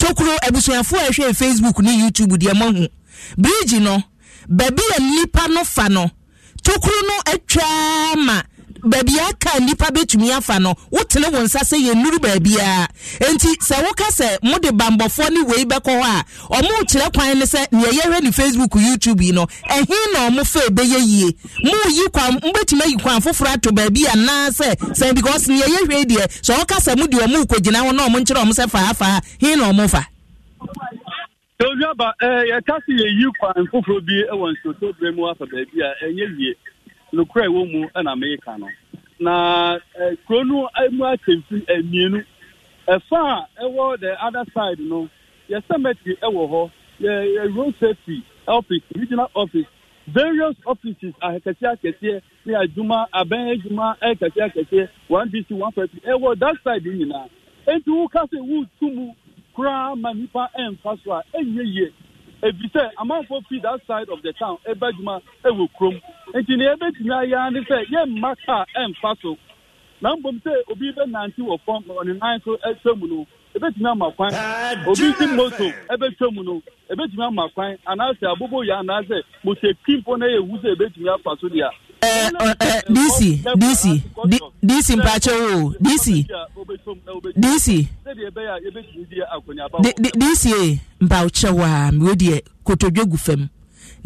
Speaker 3: tokuro abusuafo a ɛhwɛ facebook ne youtube deɛ mo ho bridge no baabi a nnipa no fa no tokuro no atwa ma baabi aka nnipa bɛtumi afa no wotene wo nsa sɛ yɛnuru baabiaa enti sɛ woka sɛ mode bambɔfoɔ ne wei bɛkɔ hɔ a ɔmo kyerɛ kwan ne sɛ neɛ yɛhwɛ ne facebook youtube yi no ɛhe na ɔmo fa ɛbɛyɛ yie moyi kwan mobɛtumi ayi kwan foforɔ ato baabi anaasɛ sɛ because neɛ yɛhwɛ deɛ sɛ ɔka sɛ mode ɔmo kɔgyina hɔ na ɔmo nkyerɛ ɔmo sɛ faa hin na ɔmo fa
Speaker 8: tɛwia ba eh, yɛka sɛ yɛyi kwan foforɔ bi wɔ nsotoberɛ mu afa baabi a ɛnyɛ yie nokorɛ ɛwɔ mu ɛna meyeka no na kuro no mu akyɛmfi mmienu ɛfa a ɛwɔ the other side no yɛ cemetery ɛwɔ hɔ yɛ road safety office regional office various offices akɛseɛ akɛseɛ ne adwuma abɛn adwuma akɛseɛ akɛseɛ one dc one thirty ɛwɔ that side nyinaa nti woka sɛ wotu mu koraa ma nipa ɛnfa so a ɛnyɛ yie ebisɛ amanfoɔ fi that side of the town ɛbɛ adwuma ɛwɔ kurom. nti na ya ayɛ ara ne sɛ yɛmma kaa so na mbom sɛ obi bɛnante wɔ wọ fọm nan so atwa mu no ebɛtumi ama kwan obi si moto ɛbɛtwa mu no ebɛtumi ama kwan anaasɛ abobo yɛ anaasɛ moto ekimpo na yɛ wu sɛ ebɛtumi afa so di dc dc dc mpakyɛ wo dc dc dc
Speaker 3: mpakyɛ wo a mewɔ kotodwe gu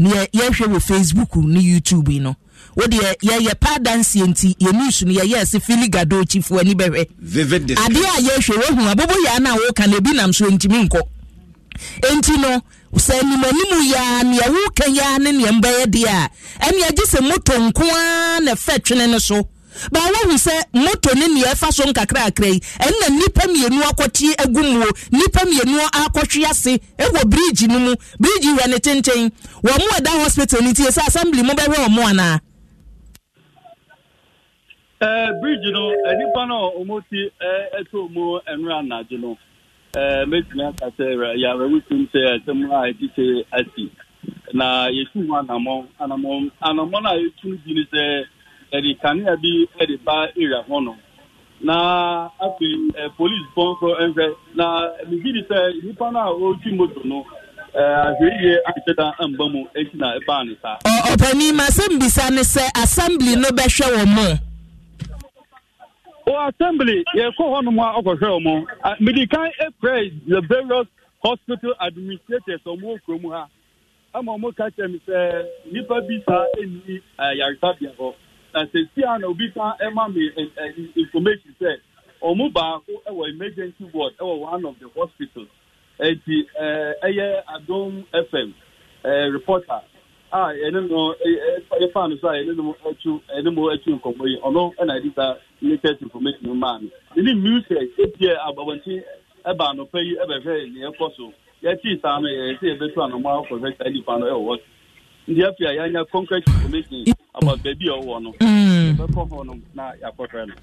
Speaker 3: neɛ yɛhwɛ wɔ facebook ne youtube no wodeɛ yɛyɛ paa danseɛ nti yɛnesu no yɛyɛ se fili gadokyifoɔ ani bɛhwɛ adeɛ a yɛhwɛ wohu abobɔyɛa no a woka no ebi nam so ntimi nkɔ enti no sɛ animanimu yɛa neɛ woka yɛa ne neɛ mbɛyɛ deɛ a ɛneɛ e gye sɛ moto nko a na ɛfɛ e twene no so gbaa wɔhu sɛ moto ne neɛ ɛfa so nkakrakra yi ɛnna nipa mmienu akɔte agu muo nipa mmienu akɔhwe ase ɛwɔ e birigi no mu birigi hwɛ ne tenten wɔn mo ɛda hospital no tie sɛ assembly mo bɛhwɛ wɔn mo anaa.
Speaker 8: ɛɛ eh, birigi no eh, nipa no eh, a e ti ɛɛ ɛto wɔn nwura anadwo no ɛɛ mɛtumi aka sɛ yàrá wutum sɛ ɛsɛm a yɛte sɛ asi na yɛtu ho anammɔn anammɔn anammɔn a yɛtu bi sɛ. yɛde kanea bi de ba area hɔnom oh, na afei eh, polisefo nso nhwɛ na megye di sɛ nnipa na a moto no mba eh, mu e na ɛbaa ne saa ma
Speaker 3: asɛm ne sɛ asambili no bɛhwɛ wɔ mo
Speaker 8: o assembly a ɔkɔhwɛ e hospital administrators ɔmo ha ama ɔmo sɛ bi e eh, na sesi a na obi ka ɛma me information sɛ ɔmo baako ɛwɔ emergency ward one of the hospitals eti ɛyɛ adom fm reporter a ɛne no ɛfa no so a ɛne no ɛtu ɛne mo ɛtu nkɔmɔ yi ɔno sa latest information maa mi ɛne news ɛba yi ɛkɔ so saa no anamɔ ama baabi hmm. eh, a ɔwɔ no yɛbɛkɔ hɔ no na yɛakɔhwɛ no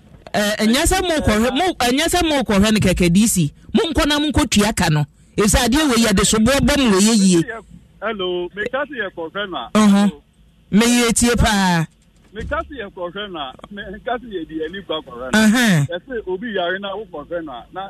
Speaker 3: ɛnyɛ sɛ mokɔhwɛ no kɛkɛ de si monkɔ na monkɔtua ka no ɛsɛ adeɛ wei yɛde soboɔ bɔ m wɔyɛ yie
Speaker 8: hello meka se yɛkɔhwɛ no a
Speaker 3: meyɛ tie paa
Speaker 8: meka se yɛkɔhwɛ no a meka se yɛde ani kɔ akɔhwɛ no ɛsɛ obi yare na a wokɔhwɛ no a na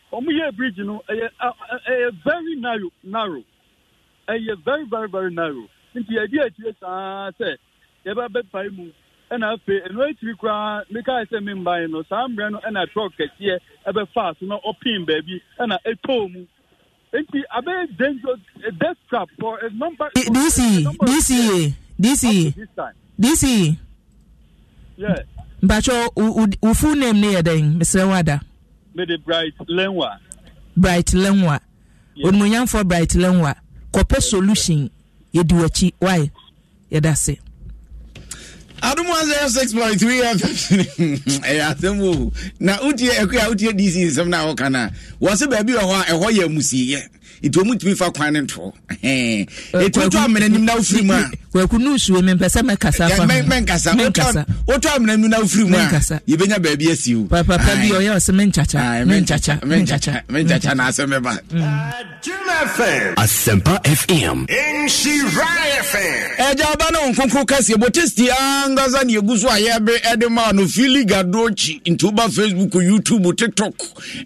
Speaker 8: wɔn yɛ bridge no ɛyɛ ɛyɛ very narrow narrow e very very very narrow nti yɛdi akyire e saa sɛ yɛba bɛpae mu ɛna afei ɛno akyiri e koraa mekae mba membae no saa mmerɛ no ɛna trɔk kɛseɛ ɛbɛfaa so na ɔpin baabi na-eto mu nti abɛyɛ dangerous death trap for a number.
Speaker 3: dc dc dc dc. mpatsɔ wo full name ne yɛ dɛn
Speaker 8: mede bright lenwa
Speaker 3: bright lenwa yeah. bright lenwa kɔpɛ solution yɛdi w'akyi wae yɛda se adomu asɛyɛ six point three fm [laughs] ɛyɛ asɛm o na wotie ɛkoa wotie dc
Speaker 2: nsɛm no a wɔka no a wɔ se baabi wɔ hɔ a ɛhɔ yɛ amusieɛ nti wɔn ntumi fa kwan an ntoɔ
Speaker 3: etu otu amena nim na ofiri mu a. waku nuusu mi mpɛsɛ mɛ kasa fa mi amena nim na ofiri mu a yɛbɛnya baabi esi o. papa bi ɔyɛ ɔsɛ mɛ nkyacha
Speaker 2: mɛ nkyacha mɛ nkyacha mɛ nkyacha na asɛm ba.
Speaker 9: asempa
Speaker 2: fm.
Speaker 10: nhyira
Speaker 2: fm. kɛseɛ bɔ testi ne egu so a yɛbe ɛde maa no fili gadochi ntuba facebook youtube tiktok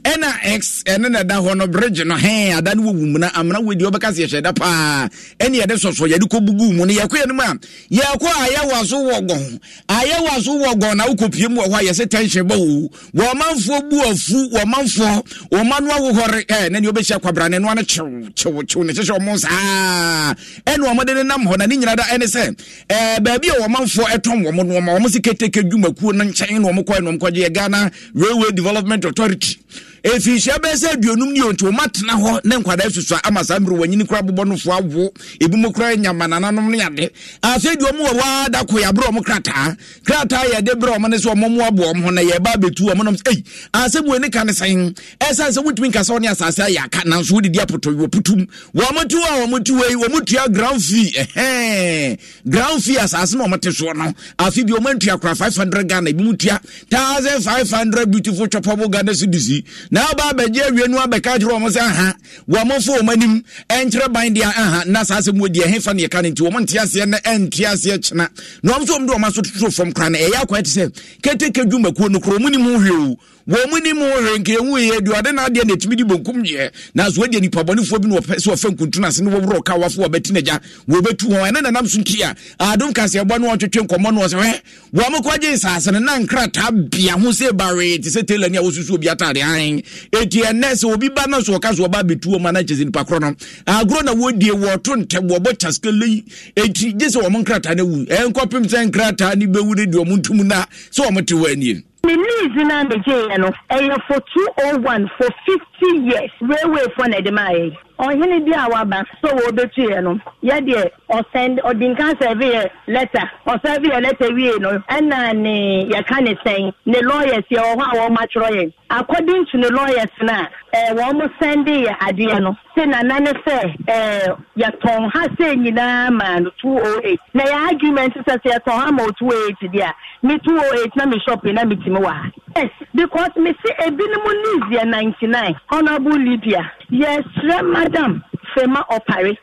Speaker 2: ɛna x ɛne na ɛda hɔ no bridge no hɛn ada ne wɔwu wo mu na amena wo deɛ wobɛka sɛ yɛhyɛ da paa ɛne yɛde sɔsɔ yɛde kɔbugu mu no yɛkɔyɛ no mu a yɛkɔ ayɛwa so wɔ gɔn ayɛwa so wɔ gɔn na wokɔpie mu wɔ hɔ a yɛsɛ tension bɔ wo wɔmanfoɔ bu afu wɔmanfoɔ ɔma no awohɔre ɛ na neɛ wobɛhyia kwabra ne noa no kyew kyew kyew ne hyehyɛ ɔmo saa ɛne ɔmode no nam hɔ na ne nyina da ɛne sɛ ɛɛ baabi a wɔmanfoɔ ɛtɔn wɔn nneɛma wɔn si keteke dwumakuo no nkyɛn na wɔn kɔɛ na wɔn kɔgye yɛ ghana railway development authority ɛfirinhyia bɛyɛ sɛ aduonum ne yɛnti ɔma tena hɔ ne nkwadaa susua ama saa mmerɛ wanyini kora bobɔ no awo ebi mu kora nyama nananom ne yade afei deɛ ɔmo wɔ waa da ko yɛabrɛ ɔmo krataa krataa yɛde berɛ ɔmo ne sɛ ɔmo mo aboa ɔmo ho na yɛba abɛtu ɔmo nom ei asɛm wei ne ka ne sɛn ɛsiane sɛ wotumi nka sɛ ɔne asase ayɛ aka nanso wodidi apotɔ wɔputum wɔmo tu a wɔmo tu wei wɔmo tua ground fee ɛhɛn ground fee asase na ɔmo te soɔ no afei deɛ ɔmo ntua kora five hundred ghana ebi mu tua thousand five hundred beautiful chopable ghana cedis na aba abɛgye awie no abɛka kyerɛ ɔmo sɛ aha wɔmofo ɔmo anim ɛnkyerɛ ban deɛ aha na saa sɛ mu deɛ ɛhefa ne yɛka no nti ɔmo nte aseɛ na ɛnte aseɛ kyena na ɔmo so ɔmo de ɔmo aso totoro fam koraa na ɛyɛ akwa te sɛ keteke dwumakuo no korɔ ɔmo nim ho hwɛ o wɔn mu ni mu renke ehu yɛ deɛ ɔde n'adeɛ na etumi di bonkum yɛ nanso wɔde nipa bɔnifoɔ bi na wɔpɛ sɛ wɔfɛ nkuntun ase na wɔwura ɔka wafo wɔbɛti n'agya wɔbɛtu wɔn ɛna nanam so ti a adum kaseɛbɔ na wɔtwetwe nkɔmɔ na wɔsɛ hɛ wɔn mu kɔgye nsaase no na nkrataa bia ho se bare te sɛ tailor ni a wɔsusu obi ataade an eti ɛnɛ sɛ obi ba na so ɔka so ɔba abetu wɔn ana kyerɛ nipa korɔ no agorɔ na wɔdie wɔto ntɛm wɔbɔ kyaskele yi eti gye sɛ wɔn nkrataa na wu ɛnkɔpem sɛ nkrataa ni bɛwu
Speaker 3: ne deɛ wɔn ntum na sɛ wɔn te wɔ anie. ne needs na mbɛgyeeɛ no ɛyɛ for two oh one for fifty years we fo na ɛde maa yɛ Ọhịa anyị bịara awa so ụwa ọbọchị ya no, yadị ya ọsendi ọdịnka sevea leta. Ọsevea leta ewie eno
Speaker 11: ena na ya ka na esen na lọya isi ọhụrụ a ọma tụrụ ya. Akodi na lọya si na. Ee, eh, ọmụsendi ya adị ya ndo. Si na nanefe ndị eh, ya tọn ha se nyina ma no 208. Na ya ha gị ma ndị sị ya tọn ha ma o 208 dị a, mme 208 na mi shọpụrụ na mi tim ha. Yes, because Missy Ebinimu Nizia 99, Honorable Lydia. Yes, Madam Fema Opare.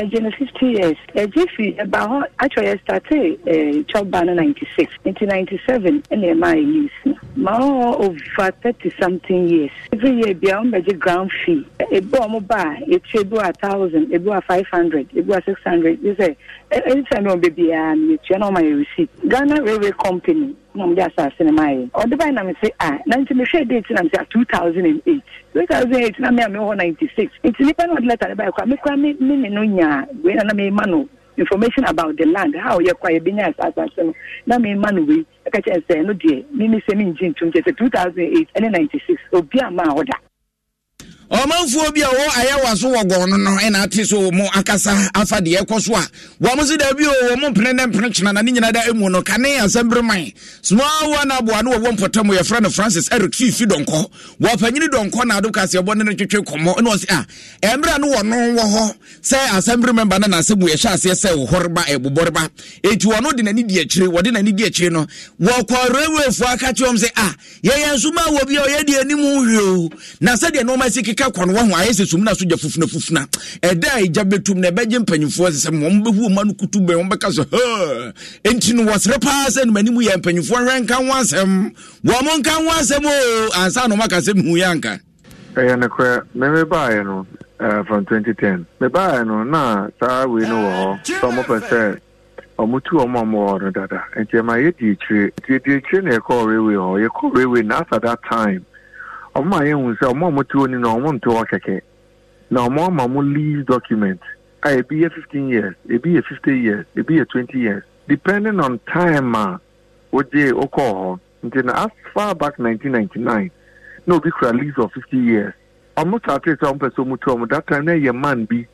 Speaker 11: ɛgye no fifty years ɛgye fi ɛba hɔ atwa started starte eh, ɛɛ chɔba ninety six nti ninety seven Any ɛma yɛ news no over thirty something years every year be on bɛgye ground fee A ebi wɔn it should be a thousand ebi a five hundred ebi a six hundred You say. anytime na ɔbɛ biara no yɛtua na ɔma yɛ receipt ghana railway company na ɔmde asase no maayɛ ɔde bae na mese a ah, na nti mehwɛ date na mese a 2008 2008 na me a mewɔ 96 nti nnipa na ɔde lɛta ne bae kora mekora me ne no nyaa wei na na meema no information about the land how yɛ kɔ a yɛbɛnya asase no na meema no wei ɛka kyɛn sɛ ɛno deɛ meme sɛ mengye ntom kyɛ sɛ 2008 ne 96 obi a ma a ɔda ɔmanfoɔ bi a wɔ ayɛwa so wɔ gɔn no no ɛna
Speaker 2: ate so wɔ mu akasa afa deɛ ɛkɔ so a wɔn se so daabi o wɔn mo mpene ne mpene kyena na ne nyina da emu no kane asɛmbereman small one aboa no wɔwɔ mpɔtam yɛfrɛ no francis eric fifi dɔnkɔ wɔpanyini dɔnkɔ na ado kaseɛbɔ ne no twetwe kɔmmɔ ɛna se a ah, ɛmmerɛ no wɔ no wɔ hɔ sɛ asɛmbere memba no nansɛ mu yɛhyɛ aseɛ sɛ wɔhɔreba ɛbobɔreba ɛti wɔno de n'ani di akyire wɔde n'ani di akyire no wɔkɔ railwayfoɔ aka kyerɛ wɔm sɛ a ah, yɛyɛ nsoma wɔ bi a ɔyɛ deɛ anim wie o na sɛdeɛ nɔɔma si keka ɛka kwan wɔn ho ayɛ sɛ sum na so gya fufuna fufuna ɛda a ɛgya bɛtum na ɛbɛgye mpanyinfoɔ sɛ wɔn bɛhu wɔn ano kutu bɛn wɔn bɛka so hɛɛ nti no wɔsrɛ paa sɛ no anim yɛ mpanyinfoɔ hwɛ nka ho asɛm wɔn nka ho asɛm o ansa na wɔn sɛ
Speaker 12: mihu yɛ anka. ɛyɛ nokorɛ mɛmɛ no ɛɛ eh, from 2010 ten mɛbaayɛ no na saa wei no wɔ hɔ sɛ wɔn fɛ sɛ ɔmo tu ɔmo ɔmo wɔ no dada nti ɛma yɛ di nti di ekyire na yɛkɔ railway hɔ yɛkɔ railway na after that time ọma anyị hụ sị ọma ọmụtụ na ọmụ ntụ ọkeke na ọma ọma mụ lease document a ebi yɛ 15 years ebi yɛ fifty years ebi yɛ 20 years depending on time a wogye okɔɔ hɔ na as far back 1999 na obi kura lease of years ɔmo satere sɛ ọmụ pɛ sɛ ɔmo tu that time na yɛ man bi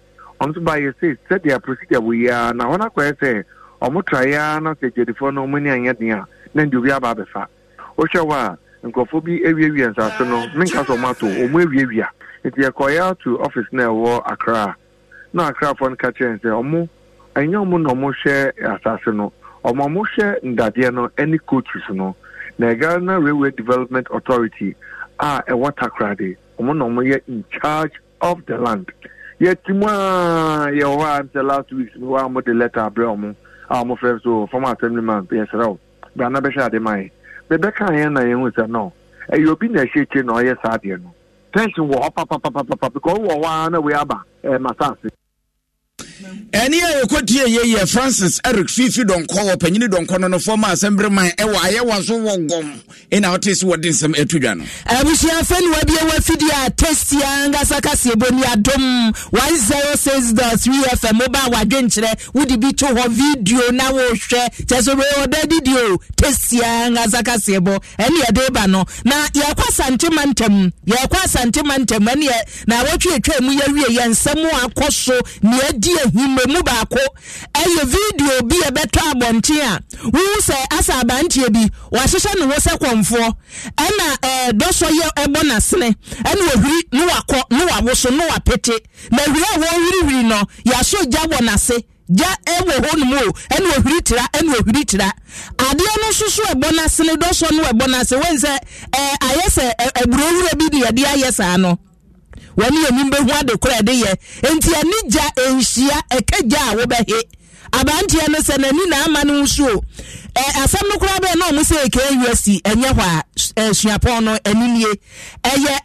Speaker 12: ɔmo nso sị yɛ sɛ procedure wɔ na wɔn akɔyɛ sɛ ɔmo tra yia na na na ndị nkurɔfoɔ bi awiewie nsase no menka sɛ ɔmo ato ɔmo nti yɛkɔyɛ ato office na ɛwɔ akra na akrafoɔ no ka kyerɛ sɛ ɔmo ɛnyɛ ɔmo na ɔmo asase no ɔmo ɔmo ndadeɛ no coaches no na ghana railway development authority a ɛwɔ takra de ɔmo na ɔmo yɛ in charge of the land yɛti a yɛwɔ hɔ a last week no hɔ a mo de letter abrɛ ɔmo a ɔmo fɛ so yɛsrɛ o maa yɛ bɛbɛka yɛn na yɛn ho sɛ no ɛyɛ obi na ɛhyɛ akyire na ɔyɛ saa deɛ no tension wɔ hɔ papapapapa because wɔ hɔ ara na wei aba ɛɛ masaase.
Speaker 2: ɛne a yɛkɔtie yɛyɛ francis eric fifi dɔnkɔ wɔ panyini dɔnkɔ no nofo ma asɛmbere man ɛwɔ ayɛwa so wɔ gɔm ɛna wote sɛ wɔde nsɛm ɛto dwa no
Speaker 3: abusuafɛ ne wabie wɔ afidie a testia nkasa kaseɛbɔni adom 106.3 fm woba wadwenkyerɛ wode bi to hɔ video na wohwɛ kyɛ sɛ wɔda didi o testia nkasa kaseɛbɔ ɛne yɛde ba no na yɛkɔ asantema ntam yɛkɔ asantema ntam ɛne na wɔtwe atwa mu yɛwie yɛ nsɛm akɔ so neɛ adi ahumemu baako ɛyɛ video bi a ɛbɛtɔ abɔnten a wohu sɛ asa abanteɛ bi wahyehyɛ ne ho sɛ kɔmfoɔ ɛna ɛɛ eh, dɔsɔ yɛ ɛbɔ n'asene ɛna ohiri ne wakɔ ne wawoso ne wapete na ohiri a wɔhirihiri no yasɔ gya bɔ n'ase gya ɛwɔ eh, hɔ nom o ɛna ohiri tira ɛna ohiri tira adeɛ no nso so ɛbɔ n'asene dɔsɔ no ɛbɔ n'ase wɔn sɛ ɛɛ eh, ayɛ sɛ ɛɛ aburowura bi de yɛde ayɛ saa no. wɔne yɛnim bɛhu ade korɔ ɛde yɛ enti ɛne gya nhyia ɛka gya a wobɛhe abanteɛ no sɛ e n'ani e, e na ama no nsuo ɛɛ asɛm no koraa bɛyɛ na ɔmo sɛ kusc ɛnyɛ hɔ a no nie ɛyɛ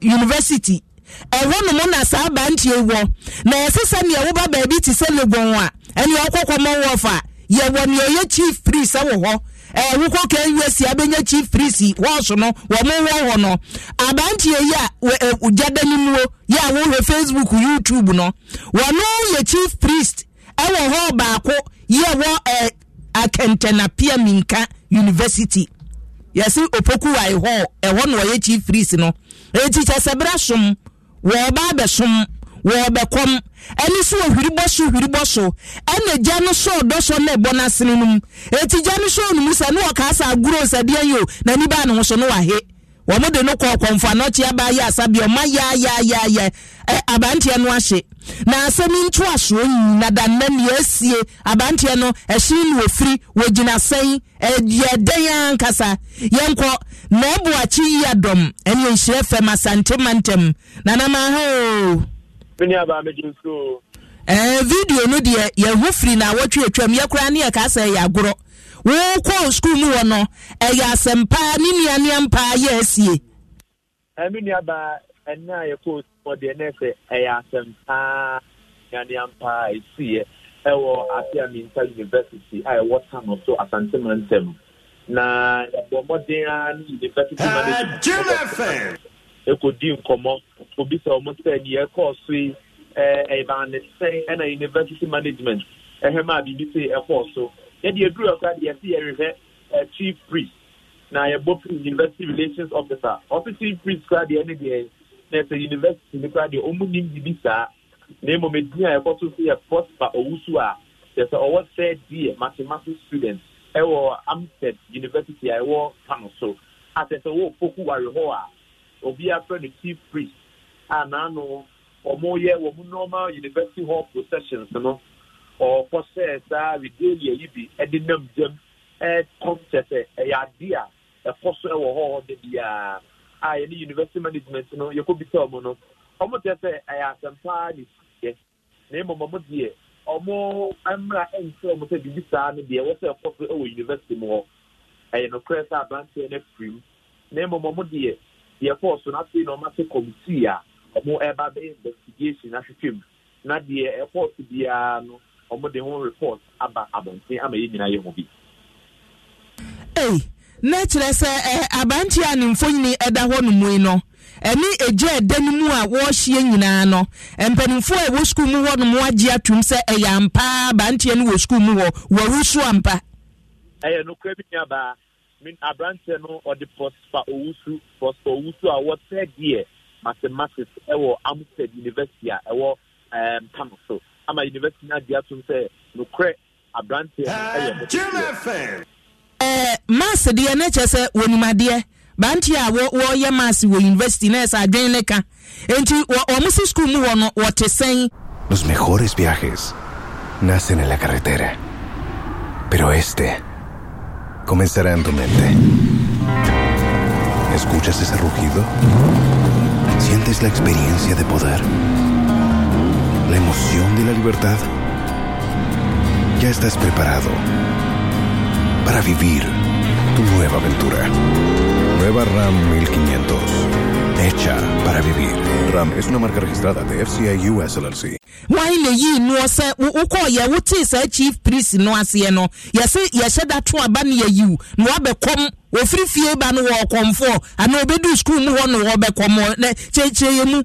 Speaker 3: university na saa wɔ na sɛ nea baabi te sɛ a wɔfa nea ɔyɛ chief priest ɛwɔ hɔ ɛwokɔ kan yɛ si abɛnya chief priest wɔɔso no wɔn wɔ hɔ no abanteɛ yi a gyada ne muo yɛ a wɔhwɛ facebook youtube no wɔn yɛ chief priest ɛwɔ hɔ baako yɛ wɔ ɛ akɛntɛnapia minka university yɛsi opokuwa hɔ ɛhɔ na wɔyɛ chief priest no eti kyɛ sɛ bere som wɔɔba abɛsom. wɔɔbɛkɔm ɛne so wɔ hwiribɔ so hwiribɔ so ɛna gya no so ɔdɔ na ɛbɔ n'asene no mu eti gya no so onum sɛ ne wɔka asa aguro sɛdeɛ yi o n'ani baa ne ho so ne wahe wɔn de no kɔɔ kɔnfɔ anɔkye aba yɛ asabea ɔma yaayaayaayaa ɛ abanteɛ no ahye na asɛm nto asoɔ nyina danna nea asie abanteɛ no ɛhyɛn no ofiri wɔgyina sɛn ɛyɛ dɛn ankasa yɛnkɔ na ɛbu akyi yie adɔm ɛne nhyia fam asante mantam nanama ahoo. Eh, video no deɛ yɛho firi na awɔtwe atwam yɛkora ne yɛka sɛ ɛyɛ agorɔ wokɔ skul mu wɔ no ɛyɛ eh, asɛm paa ne nuanea mpaa yɛ asie
Speaker 13: a ɛwɔ afia minta university a ɛwɔ tano so na ɛbɔ eh, mmɔden a ne ekodi nkɔmɔ obi sɛ ɔmo sɛ deɛ ɛkɔɔ so yi ɛɛ ɛban sɛn ɛna university management ɛhɛ maa biribi sɛ ɛkɔɔ so yɛde eduru ɛkora deɛ yɛsi yɛrehwɛ ɛ chief priest na yɛbɔ university relations officer ɔsi chief priest kora deɛ ne deɛ na ɛsɛ university ne kora deɛ ɔmo nim biribi saa na emu medin a ɛkɔ so so yɛ prosper owusu a yɛsɛ ɔwɔ sɛ deɛ mathematics student ɛwɔ amstead university a ɛwɔ kano so atɛsɛ obi afrɛ no chief priest a n'ano wɔyɛ wɔn normal university hall processions no ɔkɔ sɛ saa regalia yi bi de nam a ɛkɔ so wɔ hɔ a yɛne university management no no sɛ ɛyɛ asɛm paa ne na mmom ɔmo deɛ ɔmo mmra nkyerɛ ọmụ sɛ biribi saa no deɛ ɛwɔ ɛkɔ so wɔ university mu hɔ ɛyɛ nokorɛ sɛ aberanteɛ yɛkɔɔ so na afei na ɔma sɛ kɔmitii a ɔmo ɛba bɛyɛ investigation ahwehwɛ mu na deɛ ɛkɔɔ so biara no ɔmo de ho report aba abɔnten ama yɛn nyinaa yɛ ho bi.
Speaker 3: ee na kyerɛ sɛ ɛ aberanteɛ a ne mfonyini ɛda hɔ nom yi no ɛne egya ɛda no mu a wɔrehyia nyinaa no mpanimfoɔ a ɛwɔ sukuu mu hɔ nom agye atum sɛ ɛyɛ ampa aberanteɛ no wɔ sukuu mu hɔ wɔresu ampa.
Speaker 13: ɛyɛ nokura bi nyabaa me aberanteɛ no ɔde prosper owusu prosper owusu a wɔsɛ deɛ mathematics ɛwɔ amsterdam university a ɛwɔ ɛɛm kano so ama university no adi ato sɛ nokorɛ aberanteɛ no ɛyɛ
Speaker 3: ɛɛ mass deɛ ne kyɛ sɛ wɔnimadeɛ banti a wɔyɛ mass wɔ university na ɛsɛ adwene ne ka nti wɔn si school mu hɔ no wɔte sɛn.
Speaker 5: Los mejores viajes nacen en la carretera, pero este comenzará en tu mente. ¿Escuchas ese rugido? ¿Sientes la experiencia de poder? ¿La emoción de la libertad? Ya estás preparado para vivir tu nueva aventura. Nueva RAM 1500. Hecha para vivir. RAM es una marca registrada de FCI US LLC.
Speaker 3: Why le yi no sɛ wokɔ yɛ wote saa chief priest no aseɛ no yɛse yɛhyɛ da to aba ne yɛyiw na woabɛkɔm wɔfiri fie ba no wɔ ɔkɔmfoɔ anaa obɛdu skul mu hɔ no wɔbɛkɔm nɛ kyerɛkyerɛ yɛ mu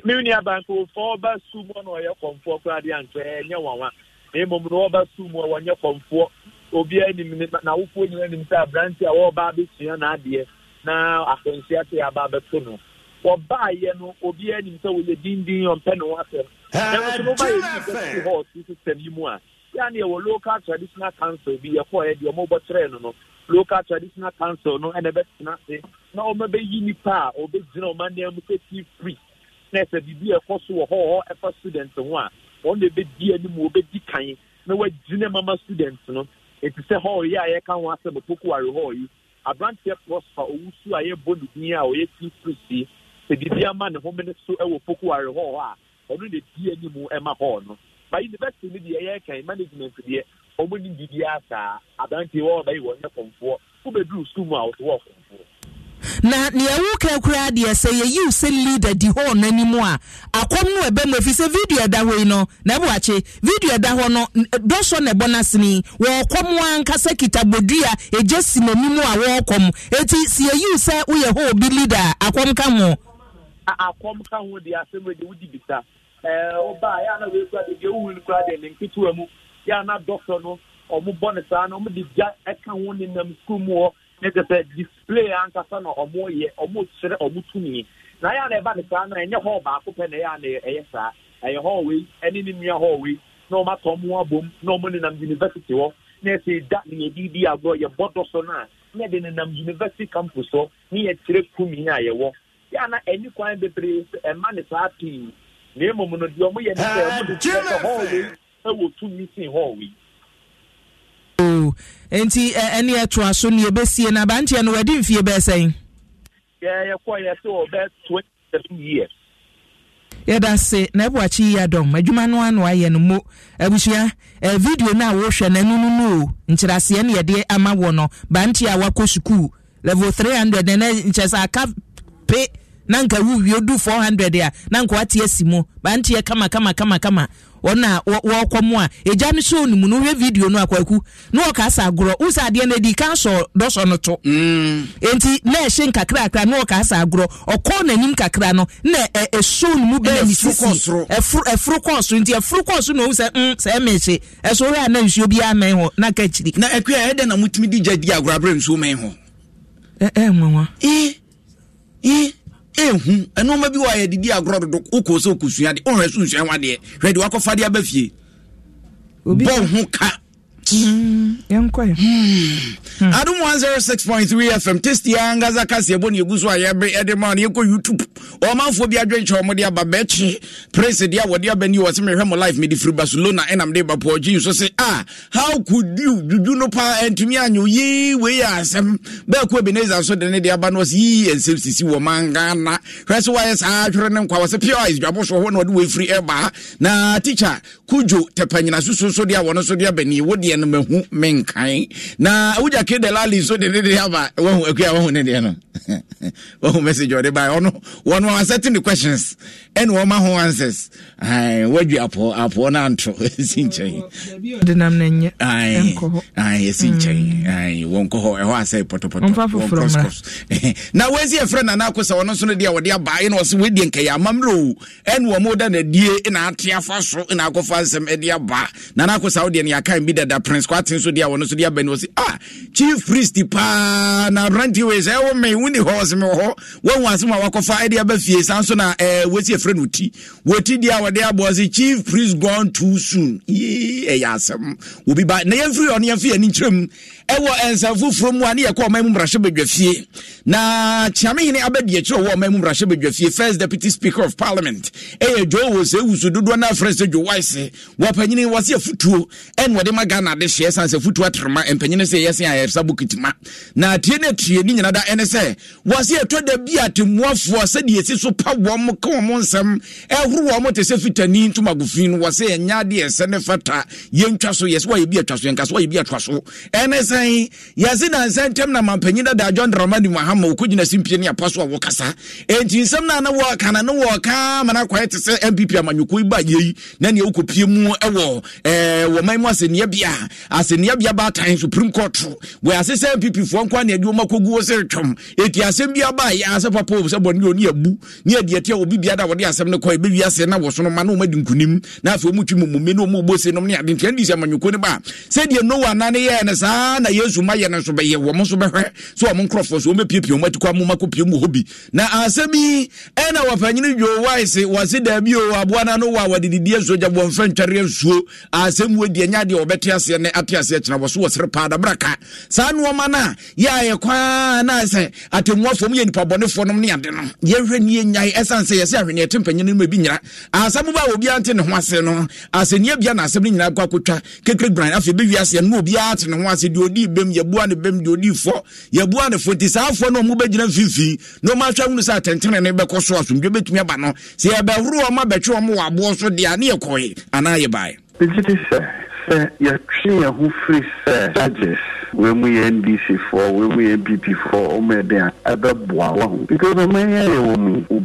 Speaker 3: mewni
Speaker 13: abankofo ɔba su mu ɔna ɔyɛ kɔmfoɔ koradeɛ ankyɛ ɛnyɛ wawa na mmom no ɔba su mu ɔwɔnyɛ kɔmfoɔ obiara anim n'awofoɔ nyinaa anim sɛ aberante a wɔreba abɛsua n'adeɛ na akwansi ase aba abɛto no wɔbaayɛ no obiara anim sɛ wɔyɛ dindin ɔmpɛ ne ho asɛm nanso no wɔbaayɛ university hall system yi mu a yɛa ne yɛwɔ local traditional council bi yɛkɔɔyɛ deɛ ɔmobɔkyerɛɛ no no local traditional council no ɛna ɛbɛtena ase na ɔmabɛyi nnipa a ɔbɛgyina ɔma nneɛ sɛ tea free na ɛsɛ biribi ɛkɔ so wɔ hɔ hɔ ɛfa student ho a wɔn ɛbɛdi anim wɔbɛdi kan na wɔagyina mama student no eti sɛ hall yi a yɛka ho asɛm opokuware hall yi aberanteɛ prosper owusu a yɛbɔ ne din a ɔyɛ tea fruity sɛ biribi ama ne ho mene so wɔ pokuware hall a ɔno na di anim ma hall no ba university no deɛ yɛrekan management deɛ ɔmo ne biribi asaa aberanteɛ wɔ ɔbɛyi wɔnyɛ kɔnfoɔ wobɛduru sum a wɔte wɔ kɔnfoɔ
Speaker 3: na nea ɛwo ka koraa deɛ sɛ yɛyiw sɛ leader di hɔ no a akɔm no ɛbɛ mu ɛfiri sɛ video ɛda yi no na ɛbo video ɛda hɔ no dɔsɔ na ɛbɔ no asene wɔɔkɔm ankasa kitabodua ɛgye si n'anim a wɔɔkɔm ɛti sɛ yɛyiw sɛ woyɛ hɔ obi leader a akɔm ka
Speaker 13: ho ne saa no nenam skul mu ne sɛ sɛ display ankasa na ɔmo yɛ ɔmo ɔmo tumi na ya na ɛba e ne saa na ɛnyɛ hɔl baako pɛ na ya e e a na ɛyɛ saa ɛyɛ hɔl wei ɛne ne nua hɔl wei na ɔmo atɔ ɔmo abom na ɔmo nenam university hɔ na ɛsɛ da ne yɛde di agorɔ yɛ so na na nenam university campus hɔ ne kumi a yɛ na ɛni kwan bebree ɛma ne saa pii na emu mu no deɛ ɔmo yɛ ne sɛ
Speaker 3: o oh. nti eh, ɛne ɛtoa so ne yɛbɛsie na abanteɛ no wɔadi mfie bɛɛ sɛn
Speaker 13: yɛyɛkɔ yɛ sɛ ɔbɛ years
Speaker 3: yɛda se na ɛbɔ akyi yi adɔm adwuma no ano ayɛ no mo abusua eh, video no a wɔhwɛ n'anu no no o nkyerɛaseɛ no yɛde ama wɔ no bante a wakɔ sukuu level 300 nɛ nkyɛ sɛ aka pe na nka wuwie du 400 a na nka wate asi mu banteɛ kama kama kama kama wɔn a wɔrekɔ mu a egya no show no mu no video no akwaku na asa agorɔ wosa adeɛ na adi kan dɔsɔ no mm. na ɛhyɛ nkakra akra na ọka asa agorɔ ɔkɔ n'anim kakra no na ɛshow mu bɛyɛ nti na mm, a nsuo bi hɔ na ɛdɛ na mutumi di gya di agorɔ abirɛ nsuo mɛn hɔ. ee
Speaker 2: ee. ehu ɛnɔɔma bi wɔ ayɛ didi agorɔ dodo wokɔ sɛ wokɔsua deɛ ɔhwɛ so nsua wadeɛ hwɛ deɛ wakɔfa deɛ aba fie bɔ
Speaker 3: ho ka adom
Speaker 2: 106.3 fm testiaa nkasa kaseɛbɔ ne ɛgu so a yɛbe ɛde ma no yɛkɔ youtube ɔmanfoɔ bi adwenkyɛ ɔmode aba bɛkye prince deɛ a wɔde aba ni wɔ sɛ mehwɛ mo life mede firi barcelona ɛnam de bapɔ gyi so se ah how could you dwudwu no paa antumi anyɛ yii wei yɛ asɛm baako ebeneza so de ne de aba no ɔsɛ yii nsɛm sisi wɔ mangana hwɛ sɛ woayɛ saa hwerɛ ne nkwa wɔ sɛ pia isdwabɔ so hɔ na ɔde wɔafiri ɛbaa na teacher kujo tɛpanyina susu so deɛ a wɔno so de aba ni wodeɛ no mahu menkan na wogya ke de lali so de ne de aba wahu akua wahu ne deɛ no [laughs] wahu message ɔde baɛ ɔno ɔno ansɛte ne questions ɛna wɔma ho answers wadwi apɔ apɔ no anto ɛsi nkyɛn
Speaker 3: denam hɔ
Speaker 2: ɛhɔ asɛ pɔtɔpɔtɔ na wɔasi ɛfrɛ nana akɔ sɛ ɔno nso no deɛ wɔde abaeɛ na ɔse wɔdi nkɛyɛ amammerɛ o ɛne wɔ moda no na ate afa so na akɔfa nsɛm ɛde aba nana akɔ sa wodeɛ no bi dada prince kwate nso deɛ wɔno nso de aba ne ah chief priest paa na aberanteɛ sɛ e ɛwo me wone hɔ ɔse hɔ woahu asɛm a wakɔfa ɛde aba fie saa nso na ɛfrɛ eh, wɔfrɛ no ti wɔti deɛ a wɔde aboɔ se chief priest gone too soon yee ɛyɛ asɛm obi ba na yɛmfiri ɔno yɛmfi yɛni nkyerɛ mu ɛwɔ nsa foforɔ mu a ne yɛkɔ ɔman mu mmarahyɛ badwa fie na kyeamehene abɛdi akyerɛ wɔ ɔman mu mmarahyɛ badwa fie first deputy speaker of parliament ɛyɛ dwo wɔ sɛ wusu dodoɔ no afrɛ sɛ dwo waise wɔpanyini wɔse afutuo ɛne wɔde ma ghana de hyeɛ san sɛ futuo atrema mpanyini sɛ yɛse a yɛsa bokitima na tie no atie ne nyina da ɛne sɛ wɔse ɛtɔ da bi atemmuafoɔ sɛdeɛ ɛsi so pa wɔm ka wɔ mo nsɛm ɛhoro wɔ mo te sɛ fitani ntom agofin no wɔse ɛnyɛ de ɛsɛ ne fata yɛntwa so yɛ sɛ wɔyɛ bi atwa so yɛnka so wɔyɛ bi atwa so ɛne sɛ ɛdran yɛse nansa ntɛm na mampanyin dada john dramani mahama ɔkɔgyina simpie ne apa so a wɔkasa ɛnti nsɛm no a na wɔka na ne wɔka ma no akwaɛ te sɛ mpp amanyɔko yi ba yei na neɛ wokɔpie mu ɛwɔ eh, wɔman mu asɛnneabea asɛnneabea baatan supreme court wɔase sɛ mpp foɔ nkɔ ne ade kɔgu wɔ sɛ twam ɛti asɛm bia ba yɛ sɛ papa o sɛ bɔne ɔne abu ne adiɛteɛ obi bia wɔde asɛm no kɔ ɛbɛwi asɛ na wɔso no ma na ɔmadi nkonim na afei ɔmutwi mumome ne ɔmubose nom ne ade ntiɛ ne di sɛ amanyɔko no ba sɛdeɛ noa na ne yɛɛ no saa na yesu ma yɛ no nso bɛyɛ wɔn nso bɛhwɛ so wɔn nkorɔfoɔ so wɔn bɛpiepie wɔn ati kɔ amu mako pie mu hɔ bi na asɛm yi ɛna wɔpanyini dwo waise wɔsi dɛbi o aboa n'ano wɔ a wɔde didi nsuo gya wɔn fɛn twɛre nsuo asɛm wo deɛ nya deɛ wɔbɛte aseɛ ne ate aseɛ kyerɛ so wɔ sere paa dabra ka saa nneɛma no a yɛ ayɛ kwaa na sɛ atemmuafoɔ mu yɛ nipa bɔnefoɔ nom ne ade no yɛhwɛ ne nyae ɛsan sɛ yɛsɛ ahweneɛ te mpanyin no mu bi nyina asɛm ba a obiara nte ne ho ase no asɛnniɛ bia na asɛm no nyinaa kɔ akɔtwa kekere gbran afei bɛwi aseɛ no na obiara te ne ho ase deɛ odi odi bem yɛboa ne bem deɛ odi fɔ yɛboa ne fo nti saa fɔ no ɔmo bɛgyina mfimfini na ɔmo ahwɛ hunu sɛ atɛntɛnɛ ne bɛkɔ so asomdwe bɛtumi aba no sɛ yɛbɛhoro ɔmo abɛtwe ɔmo wɔ aboɔ so deɛ a ne yɛkɔe anaa yɛbaeɛ megye di sɛ
Speaker 10: sɛ yɛtwe yɛn ho firi sɛ charges wei mu yɛ ndc foɔ wei mu yɛ npp foɔ ɔmo yɛ den a ɛbɛboa wɔ ho because ɔmo yɛ yɛ wɔ mu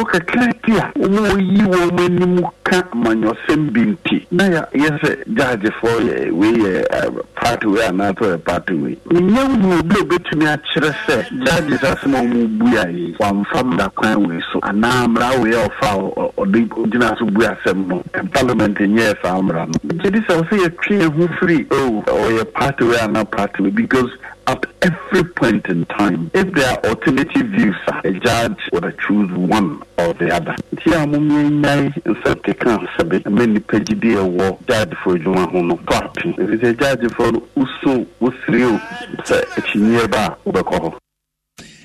Speaker 10: ntoto kakra bi a wɔn wɔyi wɔn anim ka amanyɔsɛm bi nti na yɛ sɛ gyaagefoɔ yɛ wei yɛ party wei anaa tɔ yɛ obi a obetumi akyerɛ sɛ gyaage sasɛm a wɔn bu a yi wɔamfa mmara kwan wei so anaa mmara wei ɔfa ɔde gyina so bu asɛm no parliament nyɛɛ saa mmara no gyedi sɛ wɔsɛ yɛtwe yɛn ho oh, firi ɔyɛ party anaa party because at every point in time. If there are alternative views, a judge will choose one or the other. Here, I'm going to say, I'm going to say, many pages there were judge for you, I'm not If it's a judge for usu Usrio, it's a nearby,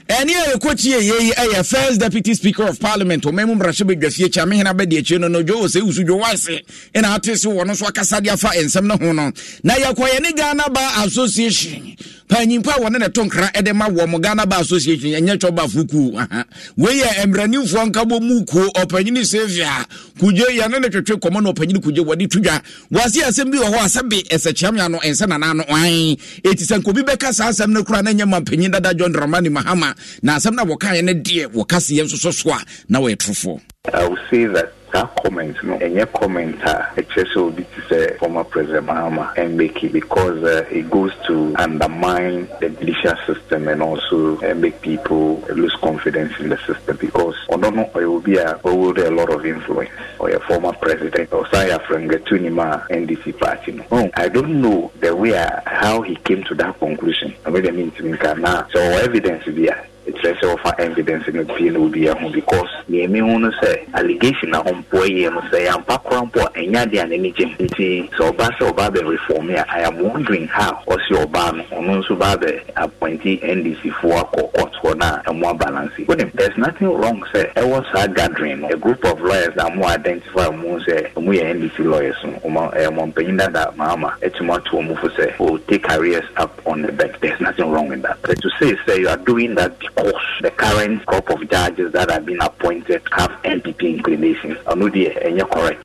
Speaker 2: ɛne a yɛkɔkyie yei ɛyɛ first deputy speaker of parliament ɔma mu badwafie kyɛ mehena bɛde akyire no no dwo wɔ sɛ wusu dwo wase ɛna ate se wɔ no so akasadeɛ afa nsɛm no ho no na yɛkɔyɛ ne ghana bar association panyimpa a wɔne ne to nkra ɛde ma wɔ mo ghana bar association ɛnyɛ twɔ ba fokuo wei yɛ mmaranimfoɔ nkabɔ mu kuo ɔpanyini sevia kugye yɛne ne twetwe kɔmɔ no ɔpanyini kugye wɔde tudwa wɔase asɛm bi wɔ hɔ a be ɛsɛkyeamea no ɛnsɛ nana no an ɛti sɛ nkɔbi bɛka saa asɛm no kora na nyɛ ma panyin dada john dramani mahama na asɛm na wɔkaeɛ no deɛ wɔka se so a na wɔyɛ torofoɔ
Speaker 14: I will say that that comment no comment a ɛkyerɛ sɛ obi to say former president mahama make it because uh, it goes to undermine the judicial system and also uh, make people lose confidence in the system because I don't know, Odono Oyobia hold a lot of influence or a former president or from Getunima NDC party. Oh, I don't know the way uh, how he came to that conclusion. I mean, I mean, now, so evidence there kyerɛ sɛ wɔfa evidence no pie na obi ho because deɛ mehu no sɛ allegation na ɔmpoa yie no sɛ yɛampa kora mpo a ɛnya deɛ a n'ani gye ho nti sɛ ɔba sɛ ɔba bɛreforme a i am wondering how ɔse ɔbaa no ɔno nso baa bɛ uh, appointi ndc foɔ akɔ court hɔ no a ɛmo abalanse wonim there's nothing wrong sɛ ɛwɔ saa gathering no a group of lawyers na mo identify mu sɛ ɔmo yɛ ndc lawyers no um, ɔmo uh, ɛyɛ ɔmo mpanyin dada maama ɛtumi ato ɔmo fo sɛ oh take careers up on the back there's nothing wrong with that but to say sɛ you are doing that of the current crop of judges that have been appointed have NPP inclination. Ọ̀nù díẹ̀ ẹ̀yẹ correct.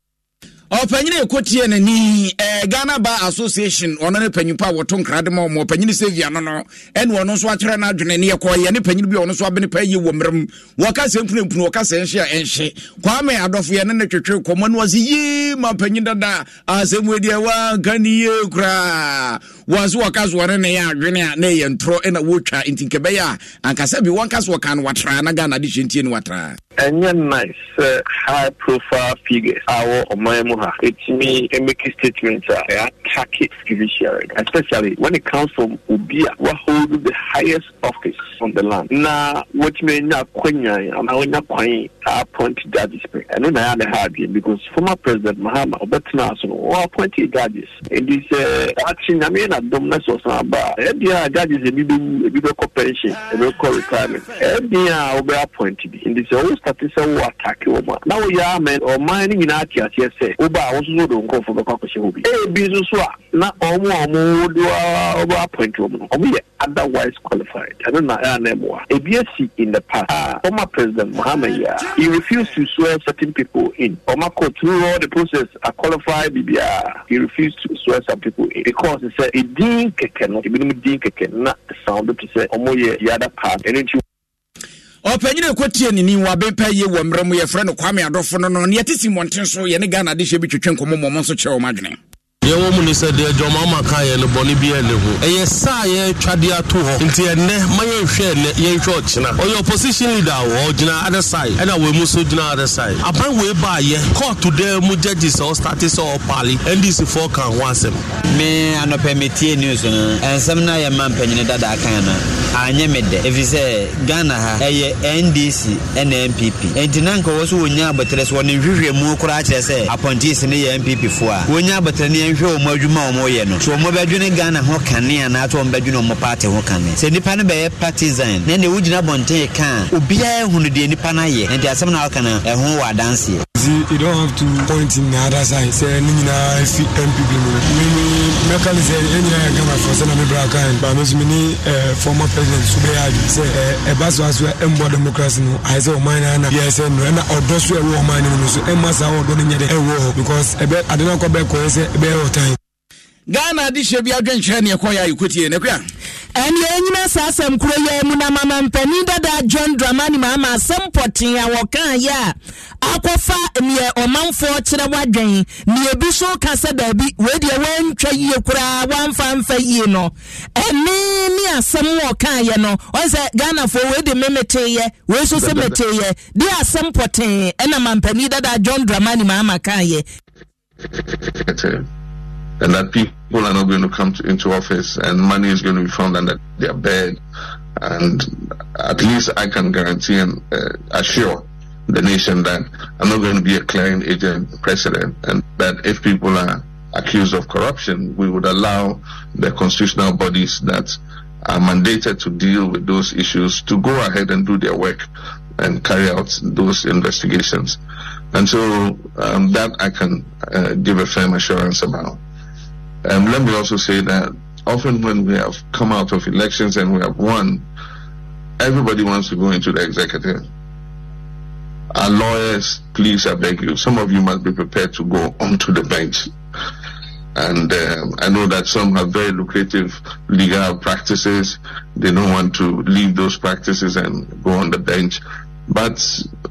Speaker 2: ɔpanyini ɛkɔtie n'ani eh, ghana bar association ɔno ne panyimpa a wɔto nkra de ma ɔmɔ ɔpanyini savia no no ɛne ɔno nso akyerɛ no adwene ne yɛkɔ ne panyini bi a ɔno nso abene pa yie wɔ mmerɛm wɔka sɛ mpunempunu wɔka sɛ nhye a ɛnhye kwame adɔfo yɛ ne ne twetwe kɔmmɔ no ɔse yee ma panyin dada asɛm wadiɛ wa ne yie koraa wɔn nso wɔka so wɔne ne yɛ adwene a na ɛyɛ ntorɔ ɛna wɔtwa nti nkɛbɛyɛ a ankasa bi wɔnka so wɔka no watraa na ghana de hyɛ ntie no watraa
Speaker 9: ɛnyɛ nice sɛ uh, high profile figures a wɔ ɔman mu ha ɛtumi make statement a uh, ɛyɛ attack judiciary especially when it comes from obi a wahold the highest office on the land na wɔtumi anya akwanyan anaa wɔnya kwan a appoint judges pɛ ɛno na ɛyɛ ne ha adwene because former president mahama ɔbɛtena so no wɔappoint judges ɛnti sɛ akyi nyame na adom na sọ san ba ẹbi a judges ebi bẹ wu ebi bẹ kọ pension ebi bẹ retirement ẹbi a wọbẹ appoint bi nti sẹ wọn start sẹ wọn attack wọn ma na wọn yà amẹ ọman ni nyinaa ti aseɛ sɛ wọn ba wọn soso do nkɔfo bɛ kɔ akɔhyɛ wọn bi ebi soso a na wɔn a wɔn wɔdo a wɔbɛ appoint wɔn no wɔn yɛ otherwise qualified ɛno na ɛyà nà ɛmu a ebi esi in the past a former president muhammed yà he refused to swear certain people in wɔn akɔ through all the process a qualified bibi a he refused to swear some people in because he said. din kɛkɛ no ebinom din kɛkɛ na san bɛ te sɛ ɔmo yɛ yada paa ɛno nti.
Speaker 2: ɔpanyini ɛkɔtie nini wɔ abɛpɛ yie wɔ mmerɛ mu yɛfrɛ no kwame adɔfo no no neɛte si mmɔnten so yɛne ghana adehyeɛ bi twetwe nkɔmmɔ mmɔmmɔ kyerɛ wɔ m adwene yɛwɔ mu ne sɛ
Speaker 8: deɛ agya ɔma ma ka yɛ no bɔne bi ɛne ho ɛyɛ saa yɛtwade ato hɔ nti ɛnɛ ma yɛnhwɛ ɛnɛ yɛnhwɛ ɔkyena ɔyɛ opposition leader wɔ ɔgyina other side ɛna wei mu so gyina other side aban wei baayɛ court dɛ mu judges gyagye sɛ ɔstate sɛ NDC ndcfoɔ ka ho asɛm
Speaker 6: me anɔpɛ metie news no ɛnsɛm no ayɛ ma mpanyini dadaa kan no anyɛ me dɛ ɛfiri sɛ ghana ha ɛyɛ ndc ɛna mpp ɛnti na nka wɔ so wɔnya abɔterɛ sɛ wɔne nhwehwɛ mu koraa kyerɛ sɛ apɔntees no yɛ mpp foɔ a wɔnya abɔterɛ no yɛ nhwɛ wɔn adwuma wɔn yɛ no so wɔn bɛdwene ghana ho kane anaa sɛ wɔn bɛdwene wɔn party ho kane sɛ nipa no bɛyɛ partisan na nea wogyina bɔnten ka a obiara ehunu deɛ nipa no ayɛ na nti asɛm na ɔka no ɛho wɔ
Speaker 11: adanseɛ nti you don't have to point in the other side sɛ ne nyinaa fi npp mu no meme mɛka ne sɛ ɛnyinaa yɛ gama fɔ sɛ na mebrɛ ka ɛ baa meso mene former president so bɛyɛ adwe sɛ ɛba so aso a ɛmmɔ democracy no ayɛ sɛ oh, ɔman na ana yɛ sɛ no ɛna ɔdɔ so ɛwɔ ɔman no mu no so ɛmma saa ɔdɔ no nyɛ dɛ eh, ɛwɔ hɔ because ɛbɛ ade no akɔ bɛkɔɛ sɛ ɛbɛyɛ ɔtan
Speaker 3: ghana de hyɛ bi adwenkyerɛ ne ɛkɔ yɛ ayɛkɔtie ne kua ɛne ɛnyina saa asɛm korɔ yɛ mu na mama mpanin dada john dramani maama asɛm pɔtee a wɔkaa yɛ a akɔfa neɛ ɔmanfoɔ kyerɛ wadwen ne ebi so ka sɛ daabi wei deɛ wɔantwa yie koraa wɔamfa mfa yie no ɛne ne asɛm wɔkaayɛ no ɔn sɛ ghanafoɔ wei de memeteyɛ wei so sɛ meteyɛ de asɛm pɔtee ɛna mampanin dada john dramani maama kaayɛ
Speaker 15: and that people are not going to come to, into office and money is going to be found under their bed. And at least I can guarantee and uh, assure the nation that I'm not going to be a client agent president and that if people are accused of corruption, we would allow the constitutional bodies that are mandated to deal with those issues to go ahead and do their work and carry out those investigations. And so um, that I can uh, give a firm assurance about. Um, let me also say that often when we have come out of elections and we have won, everybody wants to go into the executive. Our lawyers, please, I beg you, some of you must be prepared to go onto the bench. And um, I know that some have very lucrative legal practices. They don't want to leave those practices and go on the bench. But,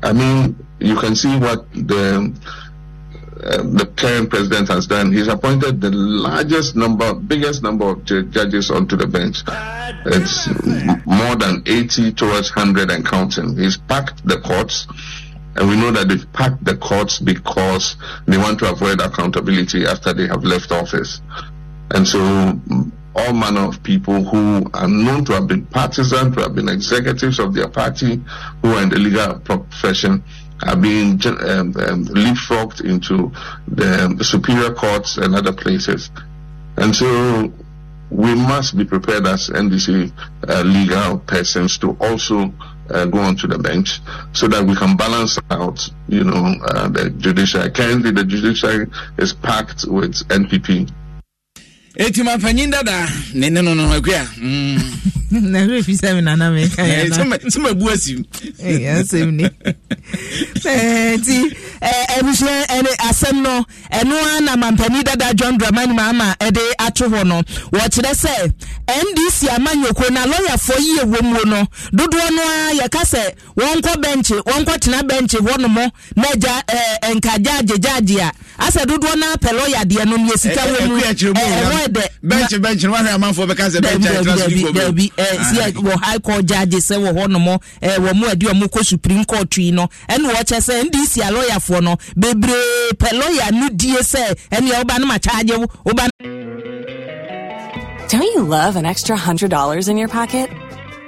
Speaker 15: I mean, you can see what the uh, the current president has done, he's appointed the largest number, biggest number of judges onto the bench. It's more than 80 towards 100 and counting. He's packed the courts. And we know that they've packed the courts because they want to avoid accountability after they have left office. And so all manner of people who are known to have been partisans, who have been executives of their party, who are in the legal profession, are being um, um, leapfrogged into the, the superior courts and other places. And so we must be prepared as NDC uh, legal persons to also uh, go onto the bench so that we can balance out, you know, uh, the judiciary. Currently, the judiciary is packed with NPP
Speaker 2: ɛti mapanyin dada ne ne no no aku a
Speaker 3: nawerɛ fi sɛ me nana mekasɛ eh,
Speaker 2: mabu asim eh, asɛm ni
Speaker 3: eh, nti abusua ɛne asɛm no ɛno a na mampani dada john dramani maama ɛde ato hɔ no wɔkyerɛ sɛ ndc amanyɔkuo na lɔyafoɔ yie wɔ muo no dodoɔ no a yɛka sɛ wɔnkɔ bɛnkye wɔnkɔtena bɛnkye hɔ na agya nkagyaagye a asɛ dodoɔ no apɛ lɔya deɛ no neɛ sika wɔ mu high court judge sɛ wɔ hɔ nomɔ wɔ mu ade ɔmo kɔ supreme court yi no ɛne wɔkyɛ sɛ ndc alɔyafoɔ
Speaker 16: no bebree pɛ lɔya no die sɛ ɛneɛ woba no makyagye woba Don't you love an extra $100 in your pocket?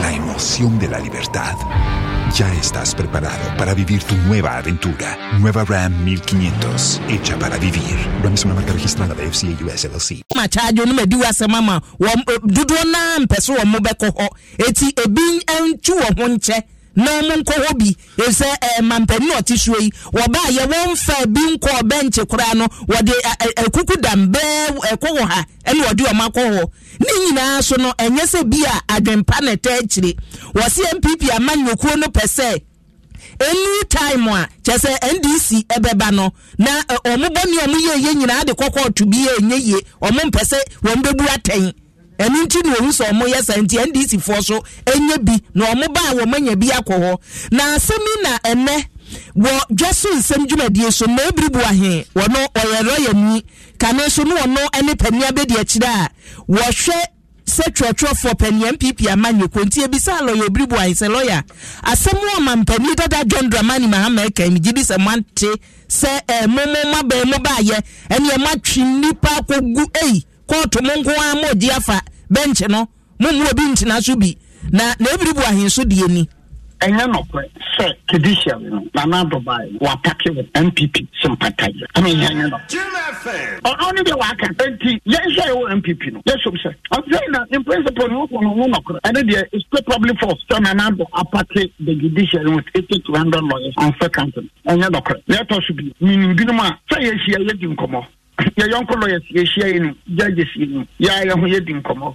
Speaker 1: la emoción de la libertad. Ya estás preparado para vivir tu nueva aventura. Nueva Ram 1500, hecha para vivir. Ram es una marca registrada de FCA US LLC.
Speaker 3: no me ne nyinaa so no ɛnyɛ sɛ bi a adwempa na ɛtɛ akyire wɔsi npp ama nyɔkuo no pɛ sɛ ɛnu time a kyɛ sɛ ndc ɛbɛba no na ɔmo bɔ ne ɔmo yɛyɛ nyinaa de kɔkɔɔ to bi yɛ ɛnyɛ yie ɔmo mpɛ sɛ wɔn bɛbu atɛn ɛnu nti na ohun sɛ ɔmo yɛ sɛ nti ndc foɔ so ɛnyɛ bi na ɔmo ba a wɔn anya bi akɔ hɔ na asɛm na ɛnɛ wɔ dwaso nsɛm dwumadie so ma ebiribu ahe wɔno ɔyɛ lɔyani kane nso no wɔno ne panyin abedi akyire a wɔhwɛ sɛ twerɛtwerɛfoɔ panyin npp amanyɔ konti ebisa lɔya ebiribu ahe sɛ lɔya asɛm wɔn ma mpanyin dada john dramani mahama ɛka mi gye bi sɛ mante sɛ ɛmomo eh, ma bɛn mo baayɛ ɛne ɛma twi nipa kogu eyi kɔɔto mo nko ara mo di afa bɛnkye no mo mu obi ntina so bi na na ebiribu ahe nso die ni ɛnyɛ nɔkorɛ sɛ kedisia no nana adɔbae wɔapake wɔ
Speaker 17: mpp sympatise ɛma ɛnyɛ nyɛ nɔ ɔno ne deɛ waaka enti yɛnhwɛ yɛwɔ mpp no yɛsom sɛ ɔsɛi na in principle ne wokɔ no ho nɔkorɛ ɛne deɛ is probably false sɛ nana adɔ apake the judiciary with eighty to hundred lawyers on second ɛnyɛ nɔkorɛ na yɛtɔ so bi menim binom a sɛ yɛhyia yɛdi nkɔmmɔ [laughs] yɛyɔnkɔ lawyers yɛhyia yi judges yi yɛa yɛ ho yɛdi nkɔmmɔ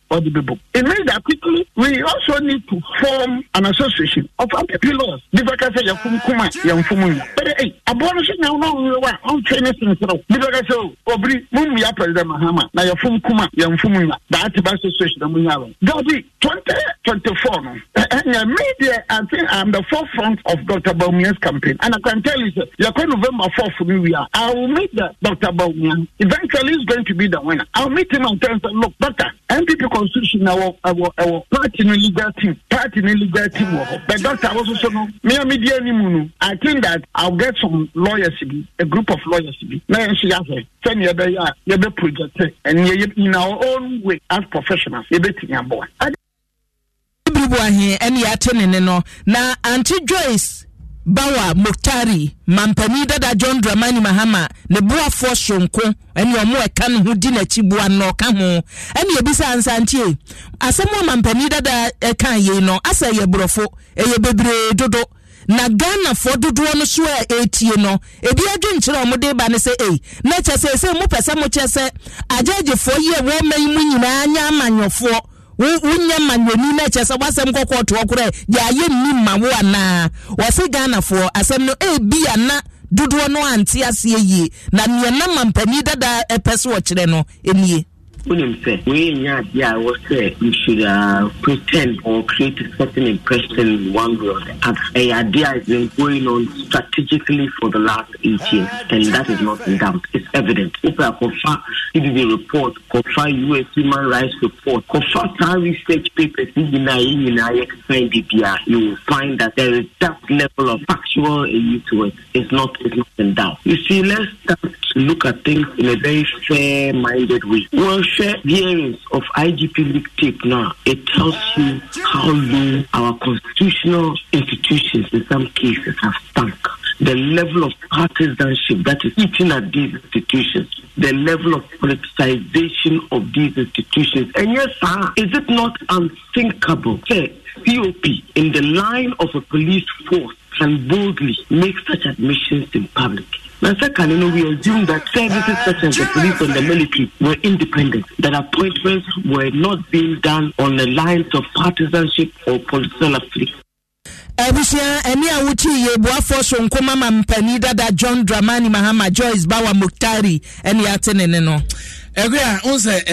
Speaker 17: or the people. It means that quickly we also need to form an association of other pillars. The vaka say yakum kuma yamfumu. But hey, abono now now we were on training since now. The vaka say oh, obri mum president Mahama na kuma yamfumu. That association that we have. There'll be 2024 no. Eh, eh, and media I think I'm the forefront of Dr. Baumia's campaign. And I can tell you, you're going November 4th, we are. I will meet the, Dr. Baumia. Eventually, he's going to be the winner. I'll meet him and tell him, look, doctor, MPP constitution ɛwɔ ɛwɔ ɛwɔ party no legal team party no legal team wɔ hɔ but doctor wososo no mmea mi di anim no i think that i will get some lawyers bi a group of lawyers bi na yɛn nso yɛ ahwɛ sɛni yɛbɛyɛ a yɛbɛ project ɛni yɛ in our own way as professionals yɛbɛ tinya bɔ.
Speaker 3: ibribu ahin ɛni yɛ ate ne ne no na aunty joyce. bawa muktari mampanin dada john dramani mahama ne boafoɔ sonko ɛne ɔmo ɛka ne ho di n'akyi boa na ɔka ho ɛne ebisa nsantie asɛm a mampanin dada ɛka yie no asɛ ɛyɛ borɔfo ɛyɛ bebree dodo na ghanafoɔ dodoɔ no so a ɛretie no ebi adwenkyerɛ a wɔde ba no sɛ ei na kyɛ sɛ sɛ mo pɛ sɛ mo kyɛ sɛ agyagyefoɔ yi a wɔn mma yi mu nyinaa nyɛ amanyɔfoɔ wonyɛ ma nwani no kyɛ sɛ woasɛm kɔkɔɔ toɔ korɛ deɛ ayɛ nni ma wo anaa wɔse ghanafoɔ asɛm no ɛbi a na dodoɔ no ante aseɛ yie na neɛ ma mpani dadaa ɛpɛ so wɔkyerɛ no ɛnie
Speaker 11: wonim sɛ wei nyɛ adeɛ a ɛwɔ sɛ you should pretend or create a certain impression one way or the other ɛyɛ adeɛ a has been going on strategically for the last eight years and that is not in doubt it's evident wopɛ akɔfa EDB report kɔfa US human rights report kɔfa saa research papers ne nyinaa yɛ nyinaa yɛkesan bibia you will find that there is that level of factual ayi to it it's not, it's not in doubt you see let's start look at things in a very fair minded way. Well, share hearings of IGP leak tape now, it tells you how low our constitutional institutions in some cases have sunk the level of partisanship that is eating at these institutions, the level of politicization of these institutions. And yes, sir, is it not unthinkable that COP, in the line of a police force, can boldly make such admissions in public? Now, secondly, we assume that services such as the police and the military were independent, that appointments were not being done on the lines of partisanship or political affiliation.
Speaker 3: abusua ɛne a wote yɛbuafoɔ so nkoma ma mpani dada john dramani mahama joyce bawa muktari ɛne ate ne ne no ɛgwe a wo sɛ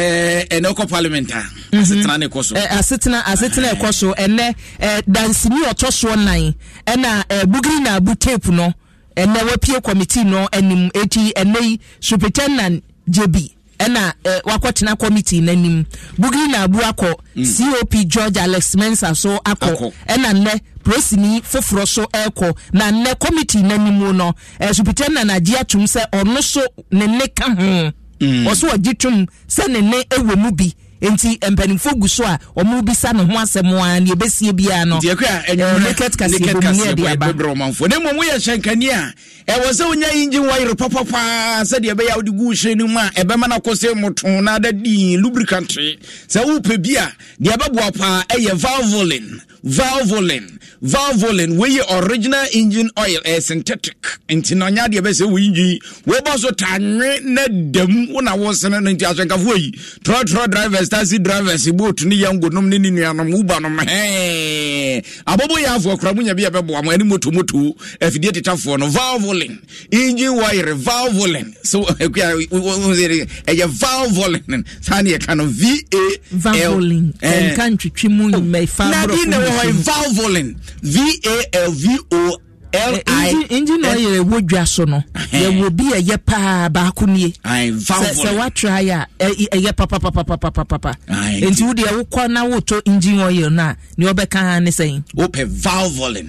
Speaker 3: ɛnɛ wokɔ parliament a mhm. asetena ne ɛkɔ so eh, asetena asetena ɛkɔ so ɛnɛ eh, dansini ɔtɔ soɔ nan ɛna eh, bugiri na abu tape no ɛnɛ wapie committee no anim eti ɛnɛ yi superintendent jb ɛna eh, wakɔtena committee n'anim bugiri na abu akɔ mm. cop george alex mensa so akɔ ɛna nnɛ prosini foforɔ so ɛrekɔ na nnɛ committee n'anim no eh, superintendent agye atum sɛ ɔno so ne ne ka ho ɔso mm. ɔgye tum sɛ ne ne ɛwɔ mu bi. nti mpanimfoɔ gu so a ɔmo bisa ne ho asɛm a ne ebesie bia no eh, naked kaseɛbɔmneɛde
Speaker 2: ababrɛmanfoɔ na mmom woyɛ hyɛnkani a ɛwɔ sɛ wonya engine wire papapaa sɛdeɛ ɛbɛyɛ wode gu hyerɛ no mu a ɛbɛma no akɔ sɛ mmoto na ada dii lubricant sɛ wopɛ bi a deɛ ɛbɛboa paa ɛyɛ valvolin valvolin valvolin wɔyɛ original engine oil ɛyɛ synthetic nti na ɔnyɛ adeɛ bɛsɛ wɔ engine wɔbɔ so tanwe na dam wo na wosene no nti asɛnkafoɔ yi trɔtrɔ drivers taxi drivers boat ne yɛngonom ne ne nuanom wobanom hee abobo yɛ afoɔ kra monya bi a bɛboa mo ɛne motomoto afidie tetafoɔ no valvolin engine wire valvolin so ɛyɛ valvolin saa ne yɛka no valvolin
Speaker 3: valvolin v a l v o engine oil ɛwɔ dwa so no yɛwɔ bi ɛyɛ paa baako nie sɛ woatrae a ɛyɛ papapapapapapa enti wodeɛ wokɔ na wotɔ engine oil no a neɛ wobɛka ha ne sɛn wopɛ valvolin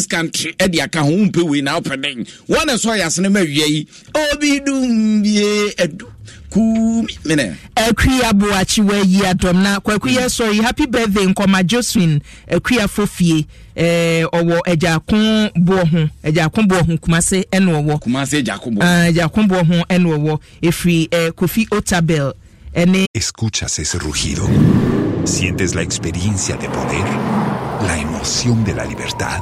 Speaker 2: this country ɛde aka ho wompɛ wei na wopɛ dɛn wɔne sɛ ɔyɛ asene ma awia yi
Speaker 3: obi adu kumi akui aboakyi waayi adɔm na kwaku yɛ sɔre happy birthday nkɔma josephine akuafo fie ɔwɔ eh, agyako boɔ ho agyako boɔ ho kumase ɛna ɔwɔ kumase agyako boɔ ho ɛna ɔwɔ ɛfiri
Speaker 1: kofi otabel ɛne escuchas ese rugido sientes la experiencia de poder la emoción de la libertad